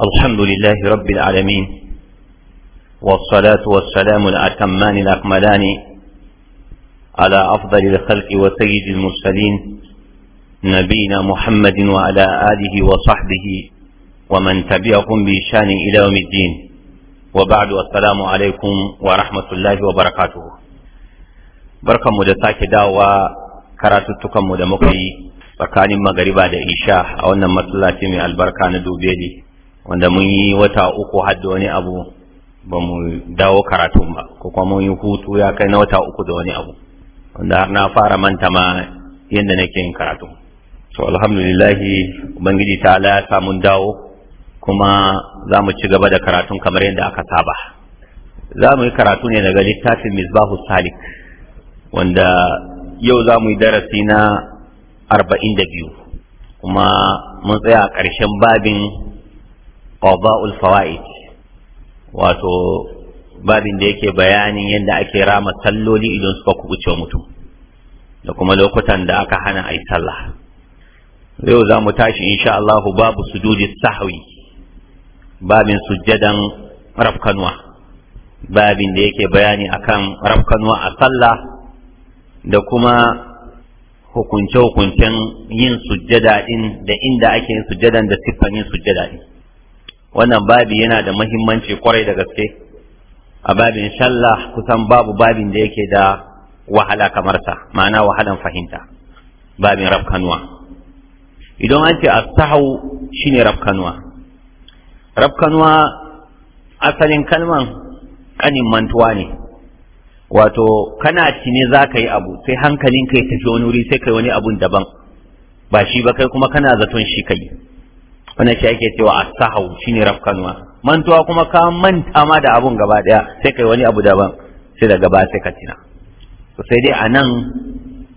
الحمد لله رب العالمين والصلاة والسلام الأكمان الأكملان على أفضل الخلق وسيد المرسلين نبينا محمد وعلى آله وصحبه ومن تبعهم بشان إلى يوم الدين وبعد السلام عليكم ورحمة الله وبركاته بركة مدساك دعوة karatuttukanmu da muka yi tsakanin magariba da isha a البركان دوبيلي wanda mun yi wata uku hadda wani abu ba mu dawo karatun ba ko kuma mun yi hutu ya kai na wata uku da wani abu wanda na fara manta ma yadda nake yin karatu to alhamdulillah ubangiji ta ala ya mun dawo kuma za mu ci gaba da karatun kamar yadda aka saba za mu yi karatu ne daga littafin misbahu salik wanda yau za mu yi darasi na arba'in da biyu kuma mun tsaya a ƙarshen babin qada'ul fawaid wato babin da yake bayanin yadda ake rama salloli idan suka kubuce mutum da kuma lokutan da aka hana ayi sallah yau za mu tashi insha Allah babu sujudi sahwi babin sujjadan rafkanwa babin da yake bayani akan rafkanwa a sallah da kuma hukunce-hukuncen yin sujjada din da inda ake yin sujjadan da siffan yin sujjada din wannan babi yana da mahimmanci kwarai da gaske a babin sallah kusan babu babin da yake da wahala kamar sa ma'ana wahalan fahimta babin rafkanuwa idan an ce as-sahau shine rafkanuwa rafkanuwa asalin kalman kanin mantuwa ne wato kana ne za ka yi abu sai hankalin kai tafi wani wuri sai ka kai wani abun daban ba shi ba kai kuma kana zaton shi kai wanda shi ake cewa a sahau shine rafkanuwa mantuwa kuma ka manta ma da abun gaba daya sai kai wani abu daban sai daga ba sai ka tina to sai dai anan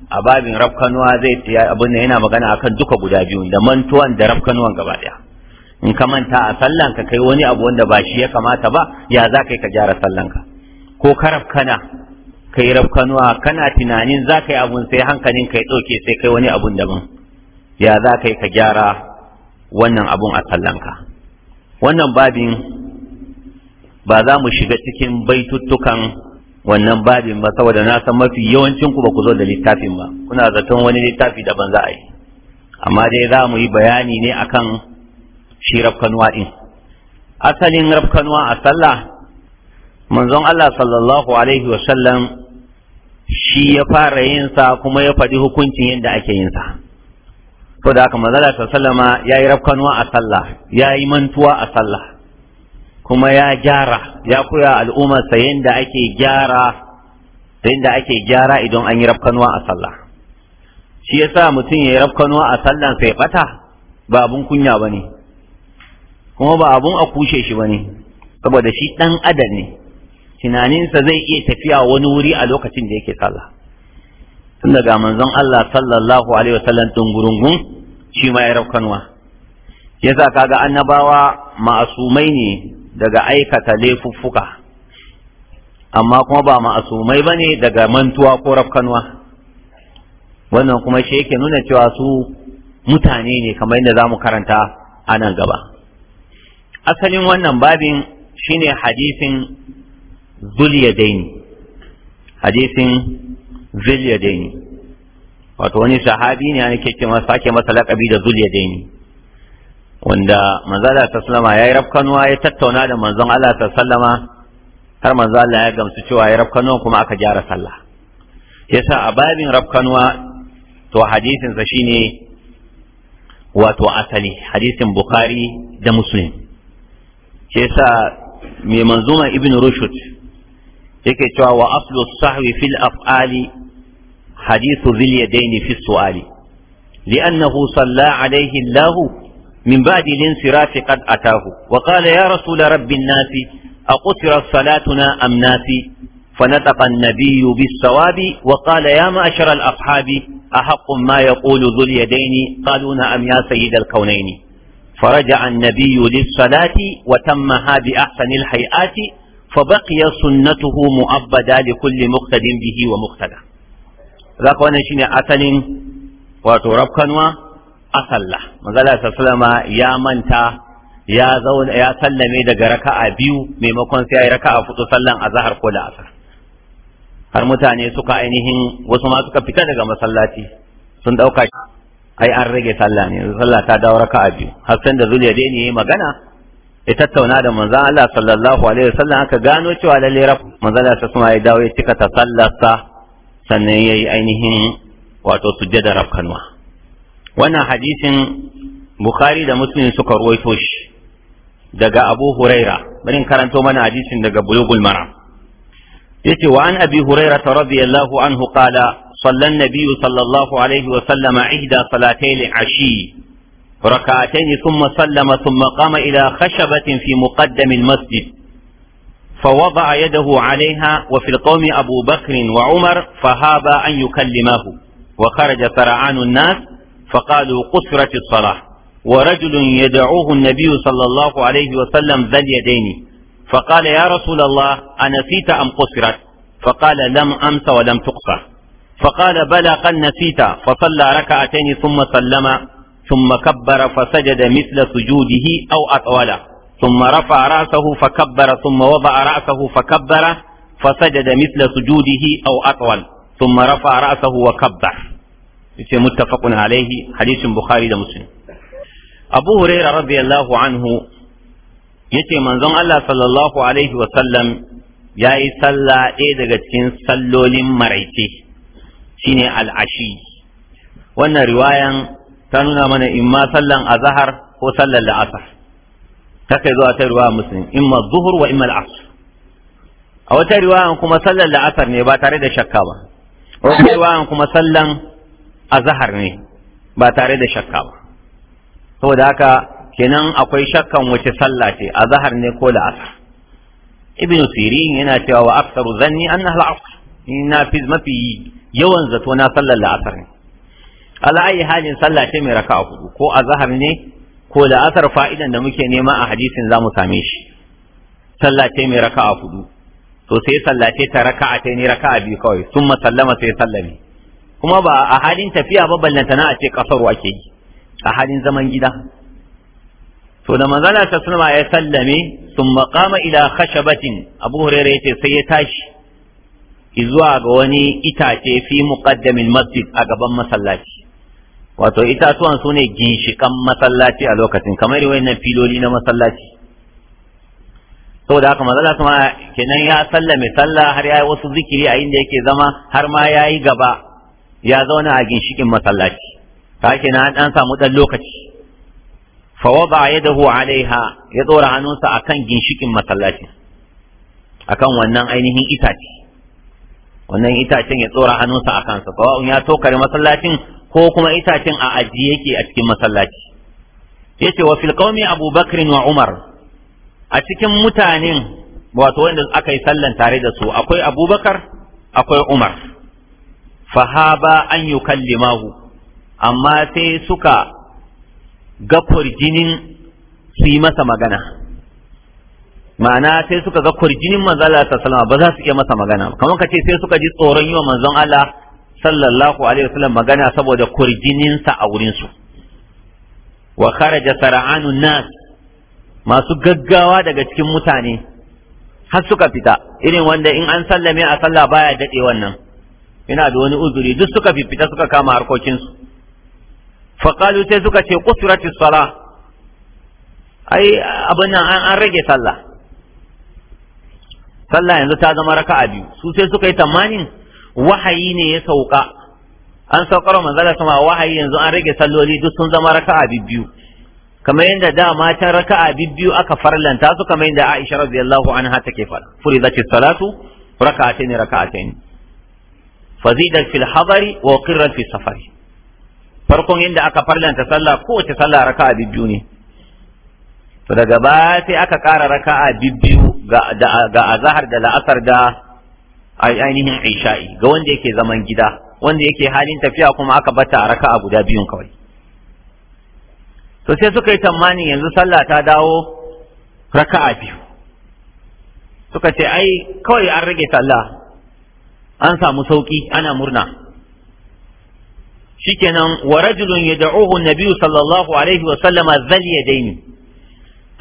a babin rafkanuwa zai abin da yana magana akan duka guda biyu da mantuwan da rafkanuwan gaba daya in ka manta a sallan ka kai wani abu wanda ba shi ya kamata ba ya za ka yi ka gyara sallan ka ko ka rafkana ka yi rafkanuwa kana tunanin za ka yi abun sai hankalin ka ya ɗauke sai kai wani abun daban ya za ka yi ka gyara wannan abun a tsallanka wannan babin ba za mu shiga cikin baituttukan wannan babin ba saboda na san mafi yawancin ku ba ku zo da littafin ba kuna zaton wani littafi daban za a yi amma dai za mu yi bayani ne akan shi rafkanuwa din asalin rafkanuwa a sallah manzon Allah sallallahu alaihi wa shi ya fara yinsa kuma ya faɗi hukuncin yadda ake yin sa ko da aka manzala ta sallama ya yi rafkanuwa a sallah ya yi mantuwa a sallah kuma ya gyara ya koya al'ummar sa da ake gyara sayin ake gyara idan an yi rafkanuwa a sallah shi yasa mutum ya yi rafkanuwa a sallan sai bata ba abun kunya ba kuma ba abun a kushe shi ba ne saboda shi ɗan adam ne tunaninsa zai iya tafiya wani wuri a lokacin da yake sallah tun daga manzon Allah sallallahu alaihi wasallam dungurungun shi ma ya rafkanwa yasa kaga annabawa ma'asumai ne daga aikata laifuffuka amma kuma ba ma'asumai ba ne daga mantuwa ko rafkanwa wannan kuma shi yake nuna cewa su mutane ne kamar yadda mu karanta a nan gaba asalin wannan babin shine hadisin zuliyadaini hadisin zuliyadaini wato wani sahabi ne ana ke masa sake masa laƙabi da zul daini wanda manzo Allah ta sallama yayi rafkanuwa ya tattauna da manzon Allah ta sallama har manzo Allah ya gamsu cewa yayi rafkanuwa kuma aka gyara sallah yasa a babin rafkanuwa to hadisin sa shine wato asali hadisin bukhari da muslim yasa mai manzuma ibn rushd yake cewa wa aslu sahwi fil af'ali حديث ذي اليدين في السؤال لأنه صلى عليه الله من بعد الانصراف قد أتاه وقال يا رسول رب الناس أقصرت صلاتنا أم ناس فنطق النبي بالصواب وقال يا معشر الأصحاب أحق ما يقول ذو اليدين قالوا نعم يا سيد الكونين فرجع النبي للصلاة وتمها بأحسن الهيئات فبقي سنته مؤبدا لكل مقتد به ومقتدى za ka wannan shine asalin wato rafkanwa a sallah manzala sallama ya manta ya zauna ya sallame daga raka'a biyu maimakon sai ya raka'a fudu sallan azhar ko da asar har mutane suka ainihin wasu ma suka fita daga masallaci sun dauka ai an rage sallah ne sallah ta dawo raka'a biyu har san da zuliya dai ne magana ya tattauna da manzon Allah sallallahu alaihi wasallam aka gano cewa lalle raf manzon Allah ya dawo ya cika ta sallarsa sannan ya yi ainihin wato sujjada rafkanwa wannan hadisin bukhari da muslim suka ruwaito shi daga abu huraira bari karanto mana hadisin daga bulugul mara yace wa an abi huraira radiyallahu anhu qala صلى النبي صلى الله عليه وسلم إحدى صلاتي العشي ركعتين ثم سلم ثم قام إلى خشبة في مقدم المسجد فوضع يده عليها وفي القوم أبو بكر وعمر فهاب أن يكلمه وخرج فرعان الناس فقالوا قصرت الصلاة ورجل يدعوه النبي صلى الله عليه وسلم ذا اليدين فقال يا رسول الله أنسيت أم قصرت فقال لم أمس ولم تقصر فقال بلى قد نسيت فصلى ركعتين ثم سلم ثم كبر فسجد مثل سجوده أو أطوله ثم رفع رأسه فكبر ثم وضع رأسه فكبر فسجد مثل سجوده أو أطول ثم رفع رأسه وكبر متفق عليه حديث بخاري ومسلم أبو هريرة رضي الله عنه yace manzon Allah sallallahu alaihi wasallam ya yi sallah daga cikin sallolin maraice shine al'ashi wannan riwayan ta nuna mana imma sallan azahar ko sallan la'asar haka zuwa ta riwaya muslim imma zuhur wa imma al'asr a wata riwaya kuma sallar la'asar ne ba tare da shakka ba a wata riwaya kuma sallan azahar ne ba tare da shakka ba saboda haka kenan akwai shakkan wace sallah ce azhar ne ko la'asar ibn sirin yana cewa wa aksaru zanni annaha al'asr na fi mafi yawan zato na sallar la'asar ne ala ayi halin sallah ce mai raka'a hudu ko azahar ne ko da asar fa'idan da muke nema a hadisin za mu same shi sallace mai raka'a hudu to sai sallace ta a ta ne a biyu kawai sun sallama sai sallame kuma ba a halin tafiya ba na a ce kasar ake yi a halin zaman gida to da manzala ta sunama ya sallame sun maƙama ila khashabatin abu hurairu ya ce sai ya tashi zuwa ga wani itace fi muqaddamin masjid a gaban masallaci wato itatuwan su ne ginshikan masallaci a lokacin kamar wayannan filoli na masallaci saboda haka manzala kuma kenan ya sallame salla har ya yi wasu zikiri a inda yake zama har ma ya yi gaba ya zauna a ginshikin masallaci ta na an samu dan lokaci fa wada huwa alaiha ya tsora hannunsa akan ginshikin masallaci akan wannan ainihin itace wannan itacen ya tsora hannunsa akan sa sawa'un ya tokare masallacin ko kuma itacen a ajiye yake a cikin masallaci yace wa fil qaumi abubakar wa umar a cikin mutanen wato wanda aka yi sallan tare da su akwai abubakar akwai umar fahaba an yukallimahu amma sai suka ga kurjinin su yi masa magana ma'ana sai suka ga kurjinin manzon Allah sallallahu ba za su iya masa magana kamar kace sai suka ji tsoron yiwa manzon Allah sallallahu alaihi wasallam magana saboda kurjininsa a wurinsu wa kharaja sara'anu nas masu gaggawa daga cikin mutane har suka fita irin wanda in an sallame a sallah baya daɗe wannan yana da wani uzuri duk suka fita suka kama harkokinsu faƙalu sai suka ce kusurati sala ai abin nan an rage sallah sallah yanzu ta zama raka'a biyu su sai suka yi tamanin wahayi ne ya sauka an saukar manzala sama wahayi yanzu an rage salloli duk sun zama raka'a biyu kamar yadda da matan raka'a biyu aka farlanta su kamar yadda Aisha radiyallahu anha take fara furidati salatu raka'atayn raka'atayn fazidat fil hadari wa qirrat fi safari farkon yadda aka farlanta sallah kowace sallah raka'a biyu ne to daga baya sai aka ƙara raka'a biyu ga azahar da la'asar da a ainihin isha'i ga wanda yake zaman gida wanda yake halin tafiya kuma aka bata a raka a guda biyun kawai to sai suka yi tsammanin yanzu sallah ta dawo raka a biyu suka ce ai kawai an rage sallah an samu sauki ana murna shikenan wa rajulun yad'uhu nabiyyu sallallahu alaihi wa sallama ya yadaini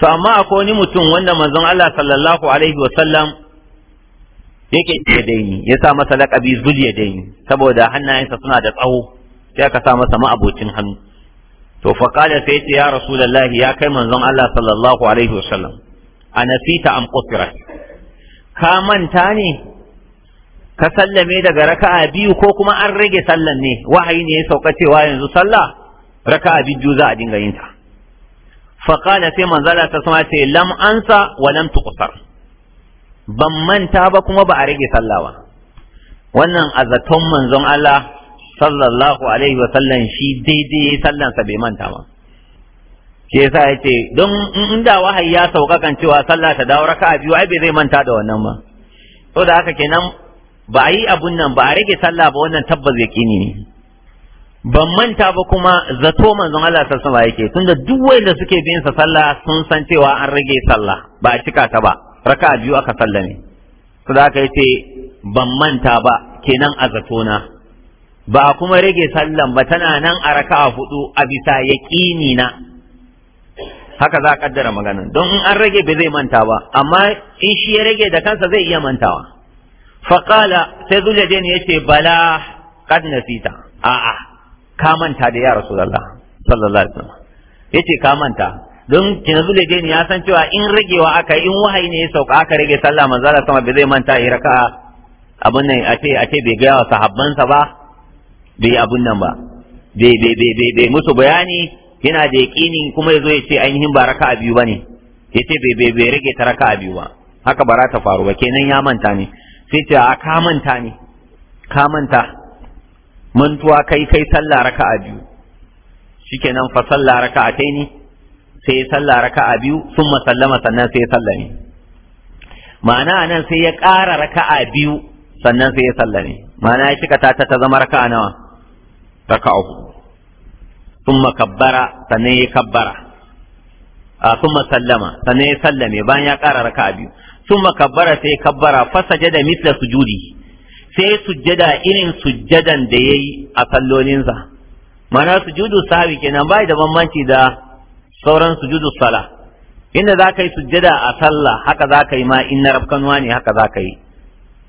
to amma akwai wani mutum wanda manzon Allah sallallahu alaihi wa sallam yake ya daini ya sa masa lakabi zul ya daini saboda hannayensa suna da tsawo sai aka sa masa ma'abocin hannu to fa qala sai ce ya rasulullah ya kai manzon Allah sallallahu alaihi wasallam anasita am qutirat ka manta ne ka sallame daga raka'a biyu ko kuma an rage sallan ne wahayi ne ya sauka cewa yanzu sallah raka'a biyu za a dinga yin ta fa qala sai manzon Allah ta sama ce lam ansa wa lam tuqsar ban manta ba kuma ba a rage sallah ba wannan a zaton manzon Allah sallallahu alaihi wa sallam shi daidai sallansa bai manta ba shi yasa ya ce don inda wahayi ya sauka kan cewa sallah ta dawo raka'a biyu ai bai zai manta da wannan ba to da haka kenan ba a yi abun nan ba a rage sallah ba wannan tabbas kini ne ban manta ba kuma zato manzon Allah sallallahu alaihi yake tunda duk wanda suke bin sa sallah sun san cewa an rage sallah ba a cika ta ba raka'a biyu aka sallame su da aka yace ban manta ba kenan a zatona ba kuma rage sallan ba tana nan a raka'a hudu a bisa yaqini na haka za kaddara magana don in an rage bai zai manta ba amma in shi ya rage da kansa zai iya mantawa faƙala sai ya yace bala kad nasita a'a ka manta da ya rasulullah sallallahu alaihi wasallam yace ka manta don kinazul yadaini ya san cewa in ragewa aka in wahayi ne ya sauka aka rage sallah manzo Allah sama bai zai manta yi raka abun nan a ce a ce bai ga sahabbansa ba bai abun nan ba bai bai bai bai musu bayani yana da yaƙinin kuma ya zo ya ce ainihin ba a biyu ba ne ya ce bai bai rage ta a biyu ba haka ba ta faru ba kenan ya manta ne sai ce a ka manta ne ka manta mantuwa kai kai sallah raka'a biyu shikenan fa sallah raka'a kai ne sai ya salla raka'a biyu sun sallama sannan sai ya sallame ma'ana nan sai ya ƙara raka'a biyu sannan sai ya sallame ma'ana ya cika ta ta zama raka'a nawa raka'a uku sun kabbara sannan ya kabbara a sun sallama sannan ya sallame bayan ya ƙara raka'a biyu sun kabbara sai ya kabbara fasaje da misla sujudi sai sujjada irin sujjadan da ya yi a sallolinsa ma'ana sujudu sahabi kenan bai da bambanci da sauran sujudu sala inda za ka yi sujjada a sallah haka za ka yi ma in na rafkanuwa ne haka za ka yi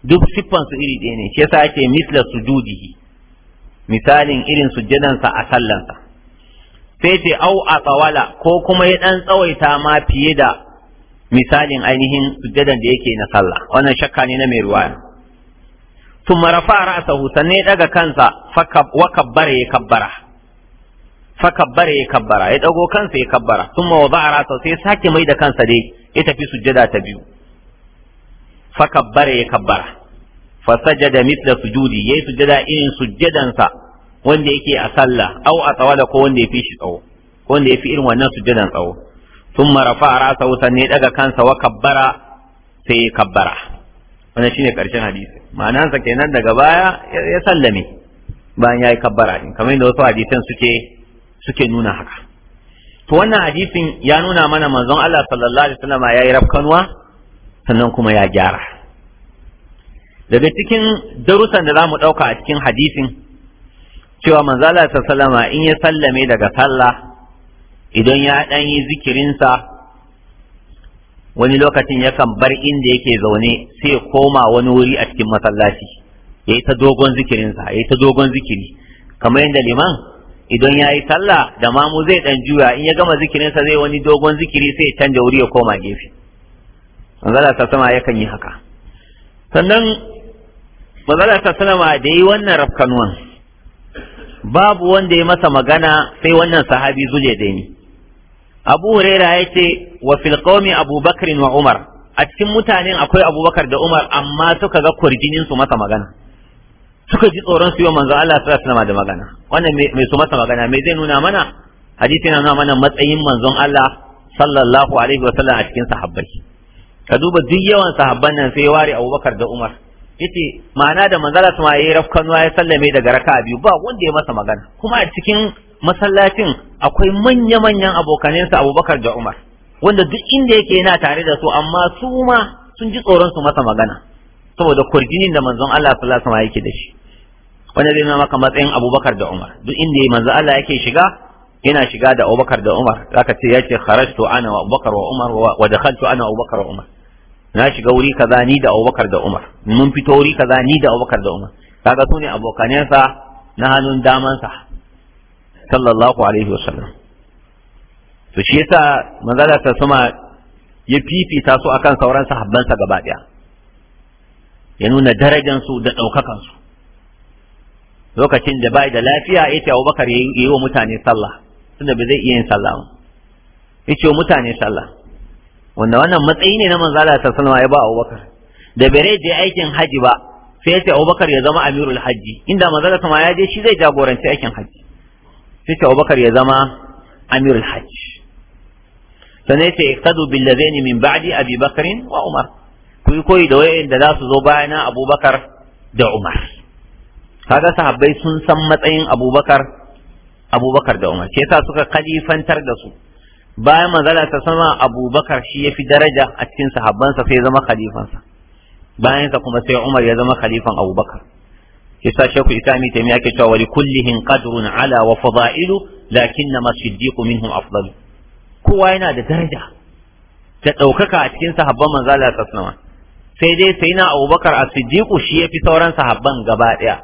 duk siffan su iri ɗaya ne shi yasa ake misla sujudihi misalin irin sujjadansa a sallansa sai ce au a tsawala ko kuma ya ɗan tsawaita ma fiye da misalin ainihin sujjadan da yake na sallah wannan shakka ne na mai ruwaya ثم رفع رأسه سنة kansa كانسا ya kabbara fa ya kabbara ya dago kansa ya kabbara wa ba'ara sau sai sake mai da kansa dai ya tafi sujjada ta biyu fa kabbara ya kabbara fa sajada mithla sujudi yi sujjada irin sujjadansa wanda yake a sallah au a tsawada ko wanda ya fi shi tsawo ko wanda ya fi irin wannan sujjadan tsawo sun rafa a rasa wutan ne daga kansa wa kabbara sai ya kabbara wannan shine karshen hadisi ma'anansa kenan daga baya ya sallame bayan ya yi kabbara kamar yadda wasu hadisan suke suke nuna haka to wannan hadisin ya nuna mana manzon Allah sallallahu alaihi wasallam ya yi rafkanwa sannan kuma ya gyara daga cikin darussan da zamu dauka a cikin hadisin cewa manzon Allah sallallahu alaihi in ya sallame daga sallah idan ya dan yi zikirin sa wani lokacin yakan bar inda yake zaune sai ya koma wani wuri a cikin masallaci yayi yi ta dogon zikirinsa ya yi ta dogon zikiri kamar yadda liman idan ya yi sallah da mamu zai dan juya in ya gama zikirinsa zai wani dogon zikiri sai can canja wuri ya koma gefe manzala ta sama yakan yi haka sannan manzala ta sama da yi wannan rafkanuwan babu wanda ya masa magana sai wannan sahabi zuje da ni abu huraira ya ce wa fil qaumi abubakar wa umar a cikin mutanen akwai abubakar da umar amma suka ga kurjinin su masa magana suka ji tsoron su yi manzo Allah sallallahu alaihi da magana wannan mai su masa magana me zai nuna mana hadisi na nuna mana matsayin manzon Allah sallallahu alaihi wasallam a cikin sahabbai ka duba duk yawan sahabban nan sai ware Abubakar da Umar yace ma'ana da manzo Allah ya yi rafkanuwa ya sallame daga raka biyu ba wanda ya masa magana kuma a cikin masallacin akwai manya-manyan abokanensa Abubakar da Umar wanda duk inda yake yana tare da su amma su ma sun ji tsoron su masa magana saboda kurginin da manzon Allah sallallahu alaihi wasallam yake da shi wanda zai nuna maka matsayin Abubakar da Umar duk inda manzon Allah yake shiga yana shiga da Abubakar da Umar zaka ce yace kharajtu ana wa Abubakar wa Umar wa dakhaltu ana wa Abubakar wa Umar na shiga wuri kaza ni da Abubakar da Umar mun fito wuri kaza ni da Abubakar da Umar kaga su ne abokanansa na hannun damansa sallallahu alaihi wasallam to shi yasa manzala ta sama ya fifita su akan sauran sahabbansa gaba daya ya nuna darajansu da ɗaukakansu lokacin da bai da lafiya ya ce abubakar ya yi wa mutane sallah tunda ba zai iya yin sallah ba ya ce wa mutane sallah wanda wannan matsayi ne na manzala ta salama ya ba abubakar da bere je aikin haji ba sai ya ce abubakar ya zama amirul haji inda manzala ta ya je shi zai jagoranci aikin haji sai ce abubakar ya zama amirul haji sannan ya ce iqtadu bil ladaini min ba'di abi bakrin wa umar ku koyi da wayanda za su zo bayana abubakar da umar kaga sahabbai sun san matsayin abubakar abubakar da umar ke sa suka kalifantar da su bayan manzala ta sama abubakar shi ya fi daraja a cikin sahabbansa sai ya zama khalifansa bayansa kuma sai umar ya zama khalifan abubakar ke sa shekul islami taimi ke cewa wali kullihin qadrun ala wa fada'ilu lakin na masiddiqu minhum afdalu kowa yana da daraja da ɗaukaka a cikin sahabban manzala ta sama sai dai sai na abubakar a siddiku shi ya fi sauran sahabban gaba ɗaya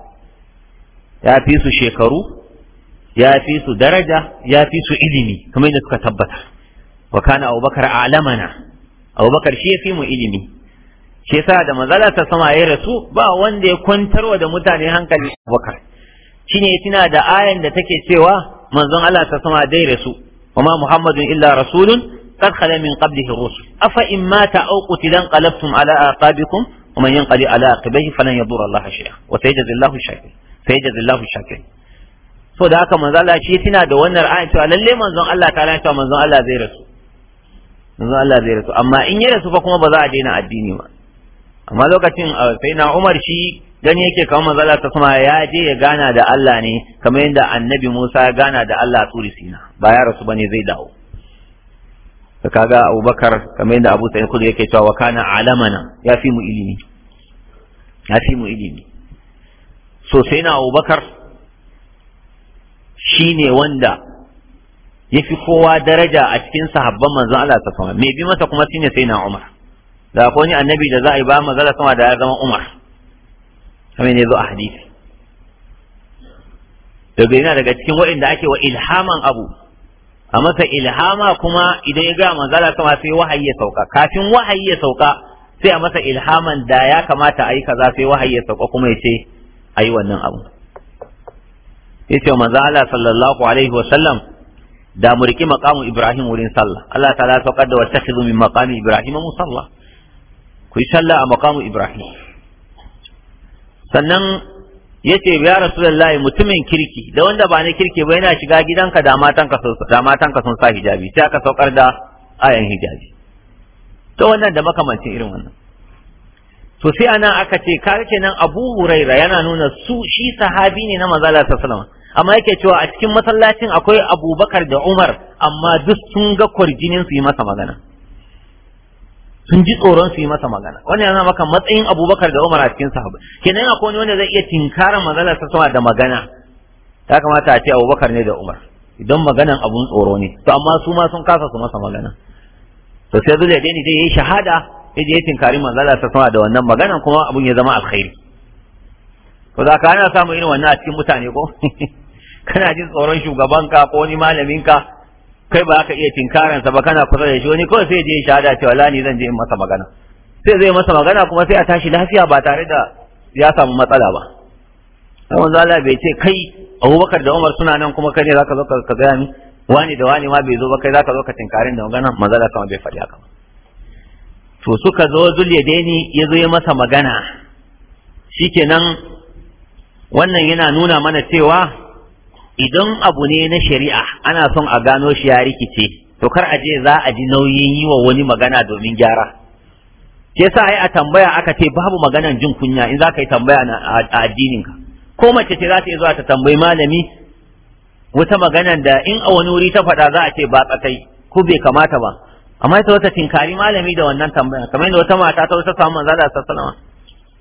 ya fi su shekaru ya fi su daraja ya fi su ilimi kamar yadda suka tabbata wa kana abubakar alamana abubakar shi ya fi mu ilimi shi yasa da mazala ta sama ya rasu ba wanda ya kwantar wa da mutane hankali abubakar shi ne tana da ayan da take cewa manzon Allah ta sama dai rasu wa ma muhammadun illa rasulun قد خلا من قبله الرسل أفإن مات أو قتل انقلبتم على أعقابكم ومن ينقلب على عقبيه فلن يضر الله شيئا وسيجزي الله الشاكر سيجزي الله الشاكر so da haka manzo Allah shi tana da wannan ra'ayin cewa lalle manzon Allah ta lafiya manzon Allah zai rasu manzon Allah zai rasu amma in ya rasu fa kuma ba za a daina addini ba amma lokacin uh, sai na Umar shi gani yake kamar manzo Allah ta kuma ya je ya gana da Allah ne kamar yadda annabi Musa ya gana da Allah a Turi Sina ba ya rasu bane zai dawo da kaga abubakar kamar yadda abu sa'id kudu yake cewa wa kana alamana ya fi mu ilimi ya fi mu ilimi so sai na abubakar shi ne wanda ya fi kowa daraja a cikin sahabban manzon Allah ta sama mai bi masa kuma shine sai na umar da akwai wani annabi da za a yi ba manzon sama da ya zama umar kamar ne zo a hadisi daga yana daga cikin waɗanda ake wa ilhaman abu a masa ilhama kuma idan ya ga manzala sama sai wahayi ya sauka kafin wahayi ya sauka sai a masa ilhaman da ya kamata a yi kaza sai wahayi ya sauka kuma ya ce a yi wannan abu ya ce manzala sallallahu alaihi wasallam da mu riƙi maƙamu ibrahim wurin sallah allah ta saukar da wata min maƙami ibrahim musalla ku yi sallah a maƙamu ibrahim sannan ya ce ya rasulullahi mutumin kirki da wanda ba na kirki ba yana shiga gidanka da matanka sun da sun sa hijabi sai aka saukar da ayan hijabi to wannan da makamancin irin wannan to sai ana aka ce kaga nan Abu Huraira yana nuna su shi sahabi ne na manzo Allah amma yake cewa a cikin masallacin akwai Abubakar da Umar amma duk sun ga kwarjinin su yi masa magana sun ji tsoron su yi masa magana wannan yana maka matsayin abubakar da umar a cikin sahabu kenan akwai wani wanda zai iya tinkarar maganar sa da magana ya kamata a ce abubakar ne da umar idan maganan abun tsoro ne to amma su ma sun kasa su masa magana to sai daidai ne zai yayi shahada yaje ya tinkari manzala sa da wannan maganan kuma abun ya zama alkhairi ko za ka ana samu irin wannan a cikin mutane ko kana jin tsoron shugabanka ko wani ka kai ba ka iya tinkaran sa ba kana kusa da shi wani kawai sai je shahada cewa la ni zan je in masa magana sai zai masa magana kuma sai a tashi lafiya ba tare da ya samu matsala ba sai wanzu Allah bai ce kai Abubakar da Umar suna nan kuma kai ne zaka zo ka gaya ni wani da wani ma bai zo ba kai zaka zo ka tinkarin da magana manzo Allah kuma bai faɗi haka ba to suka zo deni ya zo ya masa magana shikenan wannan yana nuna mana cewa idan abu ne na shari'a ana son a gano shi ya rikice to kar a je za a ji nauyin yi wa wani magana domin gyara ke sa ai a tambaya aka ce babu maganan jin kunya in za ka yi tambaya a addinin ka ko mace ce za ta yi zuwa ta tambayi malami wata maganan da in a wani wuri ta faɗa za a ce ba tsakai ko bai kamata ba amma ita wata tinkari malami da wannan tambaya kamar yadda wata mata ta wata samun maza da sassanawa.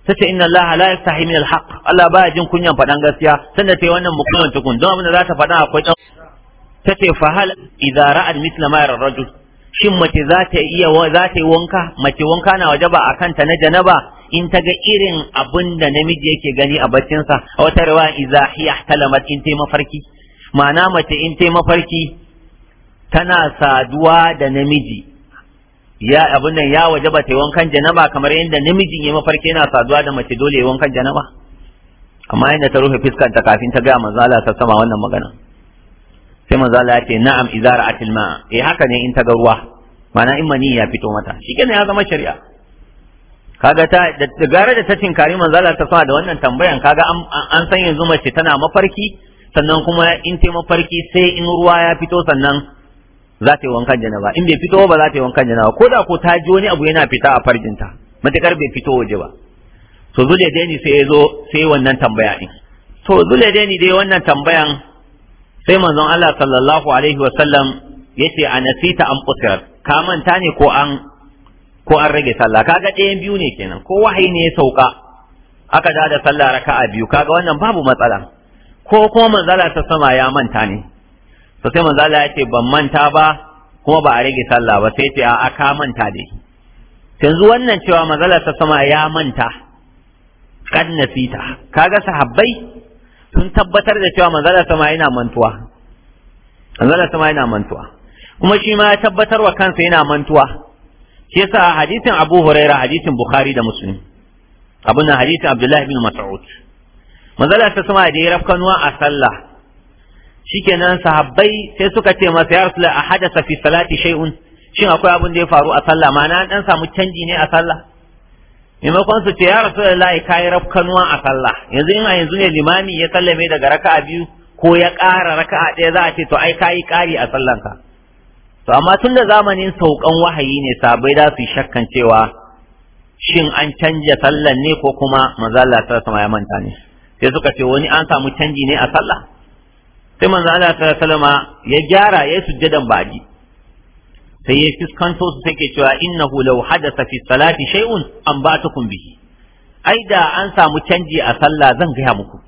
ta ce inna allaha la yastahi min alhaq Allah baya jin kunyan faɗan gaskiya sannan ta yi wannan mukunan tukun don abin da za ta fada akwai dan ta ce fa hal idza ra'a mithla ma yara rajul shin mace za ta iya za ta yi wanka mace wanka na ba akan ta na janaba in ta ga irin abin da namiji yake gani a baccinsa a wata rawa idza hiya talamat in tai mafarki ma'ana mace in tai mafarki tana saduwa da namiji ya abun nan ya waje ba ta yi wankan janaba kamar yadda namijin ya mafarki yana saduwa da mace dole ya wankan janaba amma yadda ta rufe fuskanta kafin ta gaya manzala ta sama wannan magana sai manzala ya ce na'am idza ra'atil ma eh haka ne in ta ga ruwa mana in mani ya fito mata kenan ya zama shari'a kaga ta da gara da ta tinkari manzala ta sama da wannan tambayan kaga an san yanzu mace tana mafarki sannan kuma in ta mafarki sai in ruwa ya fito sannan za ta yi wankan janaba in bai fito ba za ta yi wankan janaba ko da ko ta ji wani abu yana fita a farjinta matakar bai fito waje ba to zule dai ni sai sai wannan tambaya din to zule ni dai wannan tambayan sai manzon Allah sallallahu alaihi wa sallam yace anasita an qutrat ka manta ne ko an ko an rage sallah kaga ɗayan biyu ne kenan ko wahayi ne ya sauka aka da da sallah raka'a biyu kaga wannan babu matsala ko kuma manzala ta sama ya manta ne to sai manzo Allah ya ce ban manta ba kuma ba a rage sallah ba sai ce a ka manta dai yanzu wannan cewa manzo ta sama ya manta kan nasita kaga sahabbai sun tabbatar da cewa manzo ta sama yana mantuwa manzo ta sama yana mantuwa kuma shi ma ya tabbatar wa kansa yana mantuwa shi yasa hadisin Abu Huraira hadisin Bukhari da Muslim abin nan hadisin Abdullah ibn Mas'ud manzo ta sama da ya rafkanuwa a sallah shikenan sahabbai sai suka ce masa ya rasul a hadasa fi salati shay'un shin akwai abin da ya faru a sallah ma'ana an dan samu canji ne a sallah maimakon su ce ya rasulullahi kai rafkanuwa a sallah yanzu in a yanzu ne limami ya sallame daga raka'a biyu ko ya ƙara raka'a ɗaya za a ce to ai kayi ƙari a sallanka to amma tun da zamanin saukan wahayi ne sabai da su shakkan cewa shin an canja sallan ne ko kuma manzo Allah ya manta ne sai suka ce wani an samu canji ne a sallah sai manzo Allah ta kalama ya gyara ya sujjadan baki sai ya fiskanto su sai ke cewa innahu law hadatha fi salati shay'un an ba'atukum bihi ai da an samu canji a sallah zan gaya muku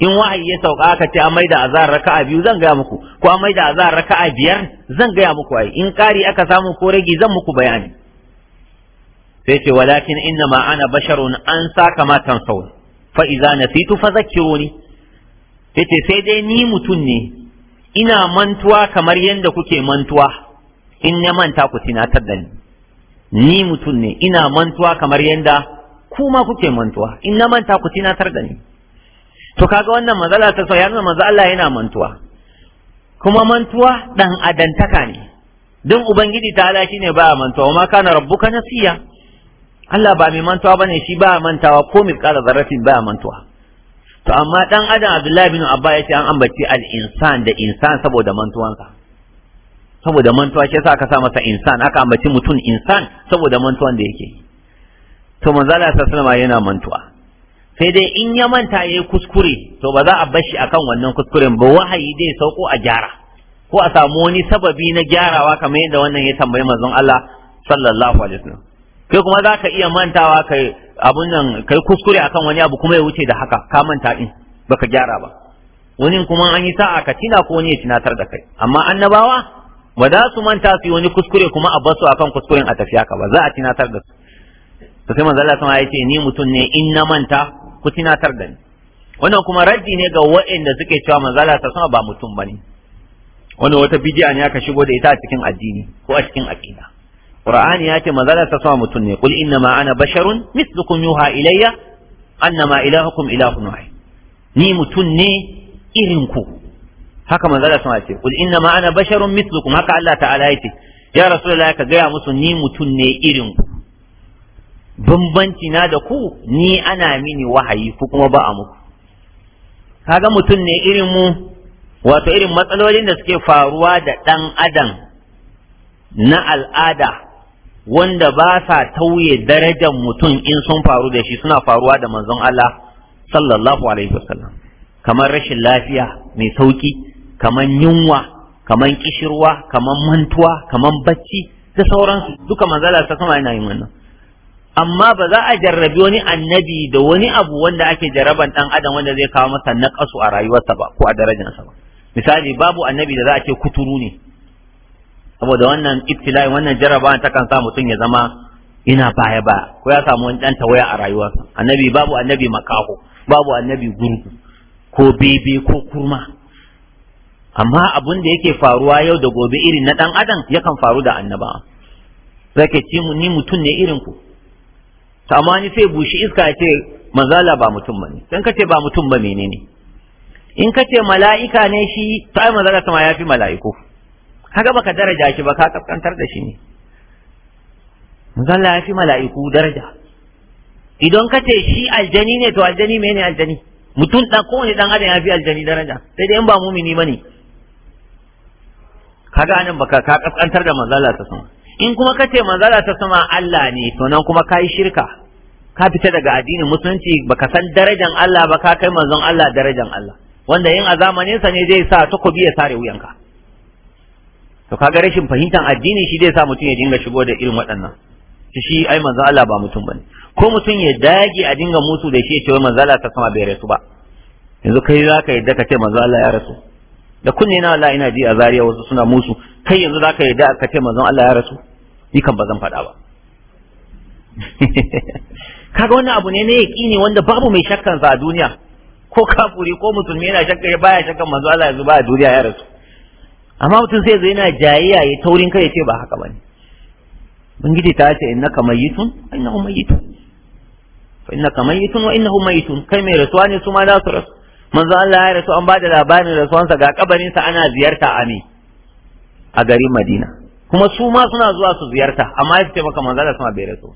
in wahayi ya sauka aka ce amai da azhar raka'a biyu zan gaya muku ko an maida azhar raka'a biyar zan gaya muku ai in kari aka samu ko rage zan muku bayani sai ce walakin inna ma ana basharun an sa kama tansawun fa idza nasitu fadhakkiruni yace sai dai ni mutum ne ina mantuwa kamar yadda kuke mantuwa in ya manta ku tinatar da ni ni mutum ne ina mantuwa kamar yadda kuma kuke mantuwa in na manta ku tinatar da ni to kaga wannan mazala ta sau ya nuna manzo Allah yana mantuwa kuma mantuwa dan adantaka ne don ubangiji ta ala shine ba mantuwa ma kana rabbuka nasiya Allah ba mai mantuwa bane shi ba mantawa ko mithqala zarrafin ba mantuwa to amma dan adam abdullahi bin abba yace an ambaci al insan da insan saboda mantuwansa saboda mantuwa shi yasa aka sa masa insan aka ambaci mutum insan saboda mantuwan da yake to manzo Allah sallallahu alaihi yana mantuwa sai dai in ya manta yayi kuskure to ba za a bar shi akan wannan kuskuren ba wahayi dai sauko a gyara ko a samu wani sababi na gyarawa kamar yadda wannan ya tambayi manzon Allah sallallahu alaihi wasallam kai kuma za ka iya mantawa kai abun nan kai kuskure akan wani abu kuma ya wuce da haka ka manta din baka gyara ba wani kuma an yi sa'a ka tina ko wani ya tinatar da kai amma annabawa ba za su manta su yi wani kuskure kuma a basu akan kuskuren a tafiya ka ba za a tinatar da su to sai manzo Allah ya ce ni mutum ne in na manta ku tinatar da ni wannan kuma raddi ne ga wa'anda suke cewa manzo Allah sama ba mutum bane wani wata bidiya ne aka shigo da ita a cikin addini ko a cikin aqida qur'ani ya ce manzala ta sama mutum ne qul inna ma ana basharun mislukum yuha ilayya annama ilahukum ilahun wahid ni mutum ne irin ku haka manzala sama ce qul inna ma ana basharun mislukum haka Allah ta'ala ya ce ya rasulullahi ka gaya musu ni mutum ne irin ku bambanci na da ku ni ana mini wahayi ku kuma ba a muku kaga mutum ne irin mu wato irin matsalolin da suke faruwa da dan adam na al'ada wanda ba sa tauye darajar mutum in sun faru da shi suna faruwa da manzon Allah sallallahu alaihi wasallam kamar rashin lafiya mai sauki kamar yunwa kamar kishirwa kamar mantuwa kamar bacci da sauransu duka manzala ta sama yana yin wannan amma ba za a jarrabi wani annabi da wani abu wanda ake jarraban dan adam wanda zai kawo masa naqasu a rayuwarsa ba ko a darajarsa ba misali babu annabi da za a ce kuturu ne saboda wannan ibtila'i wannan jarrabawa ta kan sa mutum ya zama ina baya ba ko ya samu wani dan tawaya a rayuwarsa annabi babu annabi makaho babu annabi gurgu ko bebe ko kurma amma abun da yake faruwa yau da gobe irin na dan adam yakan faru da annaba zake ce mu ni mutum ne irin ku to amma ni sai bushi iska ce manzala ba mutum bane dan ce ba mutum ba menene in ka ce mala'ika ne shi to ai manzala sama yafi mala'iku kaga baka daraja shi ba ka kaskantar da shi ne manzon ya fi mala'iku daraja idan ka ce shi aljani ne to aljani mene aljani mutum dan kowane dan adam ya fi aljani daraja sai dai in ba mumini bane kaga anan baka ka kaskantar da manzala ta sama in kuma ka ce manzala ta sama Allah ne to nan kuma kai shirka ka fita daga addinin musulunci baka san darajan Allah ba ka kai manzon Allah darajan Allah wanda yin a sa ne zai sa takobi ya sare wuyanka to kaga rashin fahimtar addini shi zai sa mutum ya dinga shigo da irin waɗannan shi shi ai manzo Allah ba mutum bane ko mutum ya dage a dinga musu da shi ya ce wai manzo Allah ta sama bai rasu ba yanzu kai za ka yadda ka ce manzo Allah ya rasu da kunne na Allah ina ji a zariya wasu suna musu kai yanzu za ka yadda ka ce manzo Allah ya rasu ni kan ba zan faɗa ba kaga wannan abu ne na yaƙini wanda babu mai sa a duniya ko kafuri ko musulmi yana shakka baya shakkan manzo Allah yanzu ba a duniya ya rasu amma mutum sai zai yana jayayya ya taurin kai ya ce ba haka bane ubangiji ta ce innaka mayyitun innahu mayyitun fa innaka mayyitun wa innahu mayyitun kai mai rasuwa ne su ma za su rasu manzo Allah ya rasu an bada labarin rasuwansa ga kabarin sa ana ziyarta a me a garin Madina kuma su ma suna zuwa su ziyarta amma ya ce maka manzo Allah sama bai rasu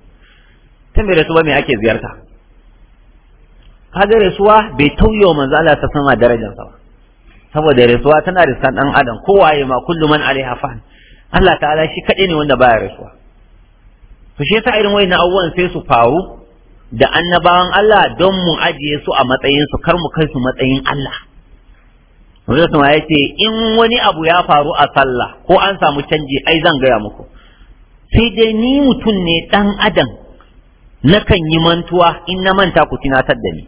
tun bai rasu ba me ake ziyarta kaga rasuwa bai tauye wa manzo Allah ta sama darajarsa ba saboda rasuwa tana da san dan adam kowaye ma kullu man alaiha fan Allah ta'ala shi kaɗai ne wanda baya rasuwa to shi yasa irin wayannan abubuwan sai su faru da annabawan Allah don mu ajiye su a matsayin su kar mu kai su matsayin Allah wanda kuma ya ce in wani abu ya faru a sallah ko an samu canji ai zan gaya muku sai dai ni mutum ne dan adam nakan yi mantuwa in na manta ku tunatar da ni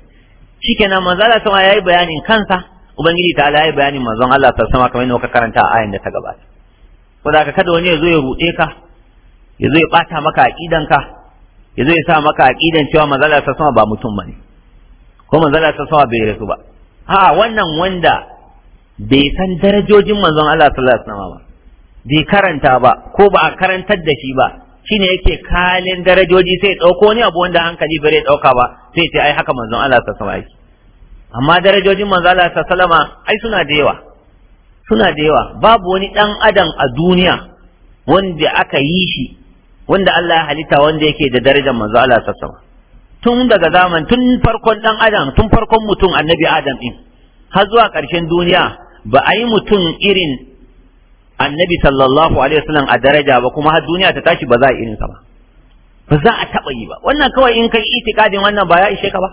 shi kenan manzala sama yi bayanin kansa ubangiji ta ala bayanin manzon Allah ta sama kamar yadda muka karanta a ayan da ta gabata ko da kada wani ya zo ya ruɗe ka ya zo ya ɓata maka aqidan ka ya zo ya sa maka aqidan cewa manzon Allah ta sama ba mutum bane ko manzon Allah ta sama bai rasu ba a wannan wanda bai san darajojin manzon Allah sallallahu alaihi wasallam ba bai karanta ba ko ba a karantar da shi ba shine yake kalin darajoji sai dauko ne abu wanda hankali bare dauka ba sai ce ai haka manzon Allah ta sama yake amma darajojin manzo Allah sallama ai suna da yawa suna da yawa babu wani dan adam a duniya wanda aka yi shi wanda Allah ya halitta wanda yake da darajar manzo Allah sallama tun daga zaman tun farkon dan adam tun farkon mutum annabi adam din har zuwa ƙarshen duniya ba a yi mutum irin annabi sallallahu alaihi wasallam a daraja ba kuma har duniya ta tashi ba za a irin sa ba ba za a taba yi ba wannan kawai in kai itikadin wannan ba ya ishe ka ba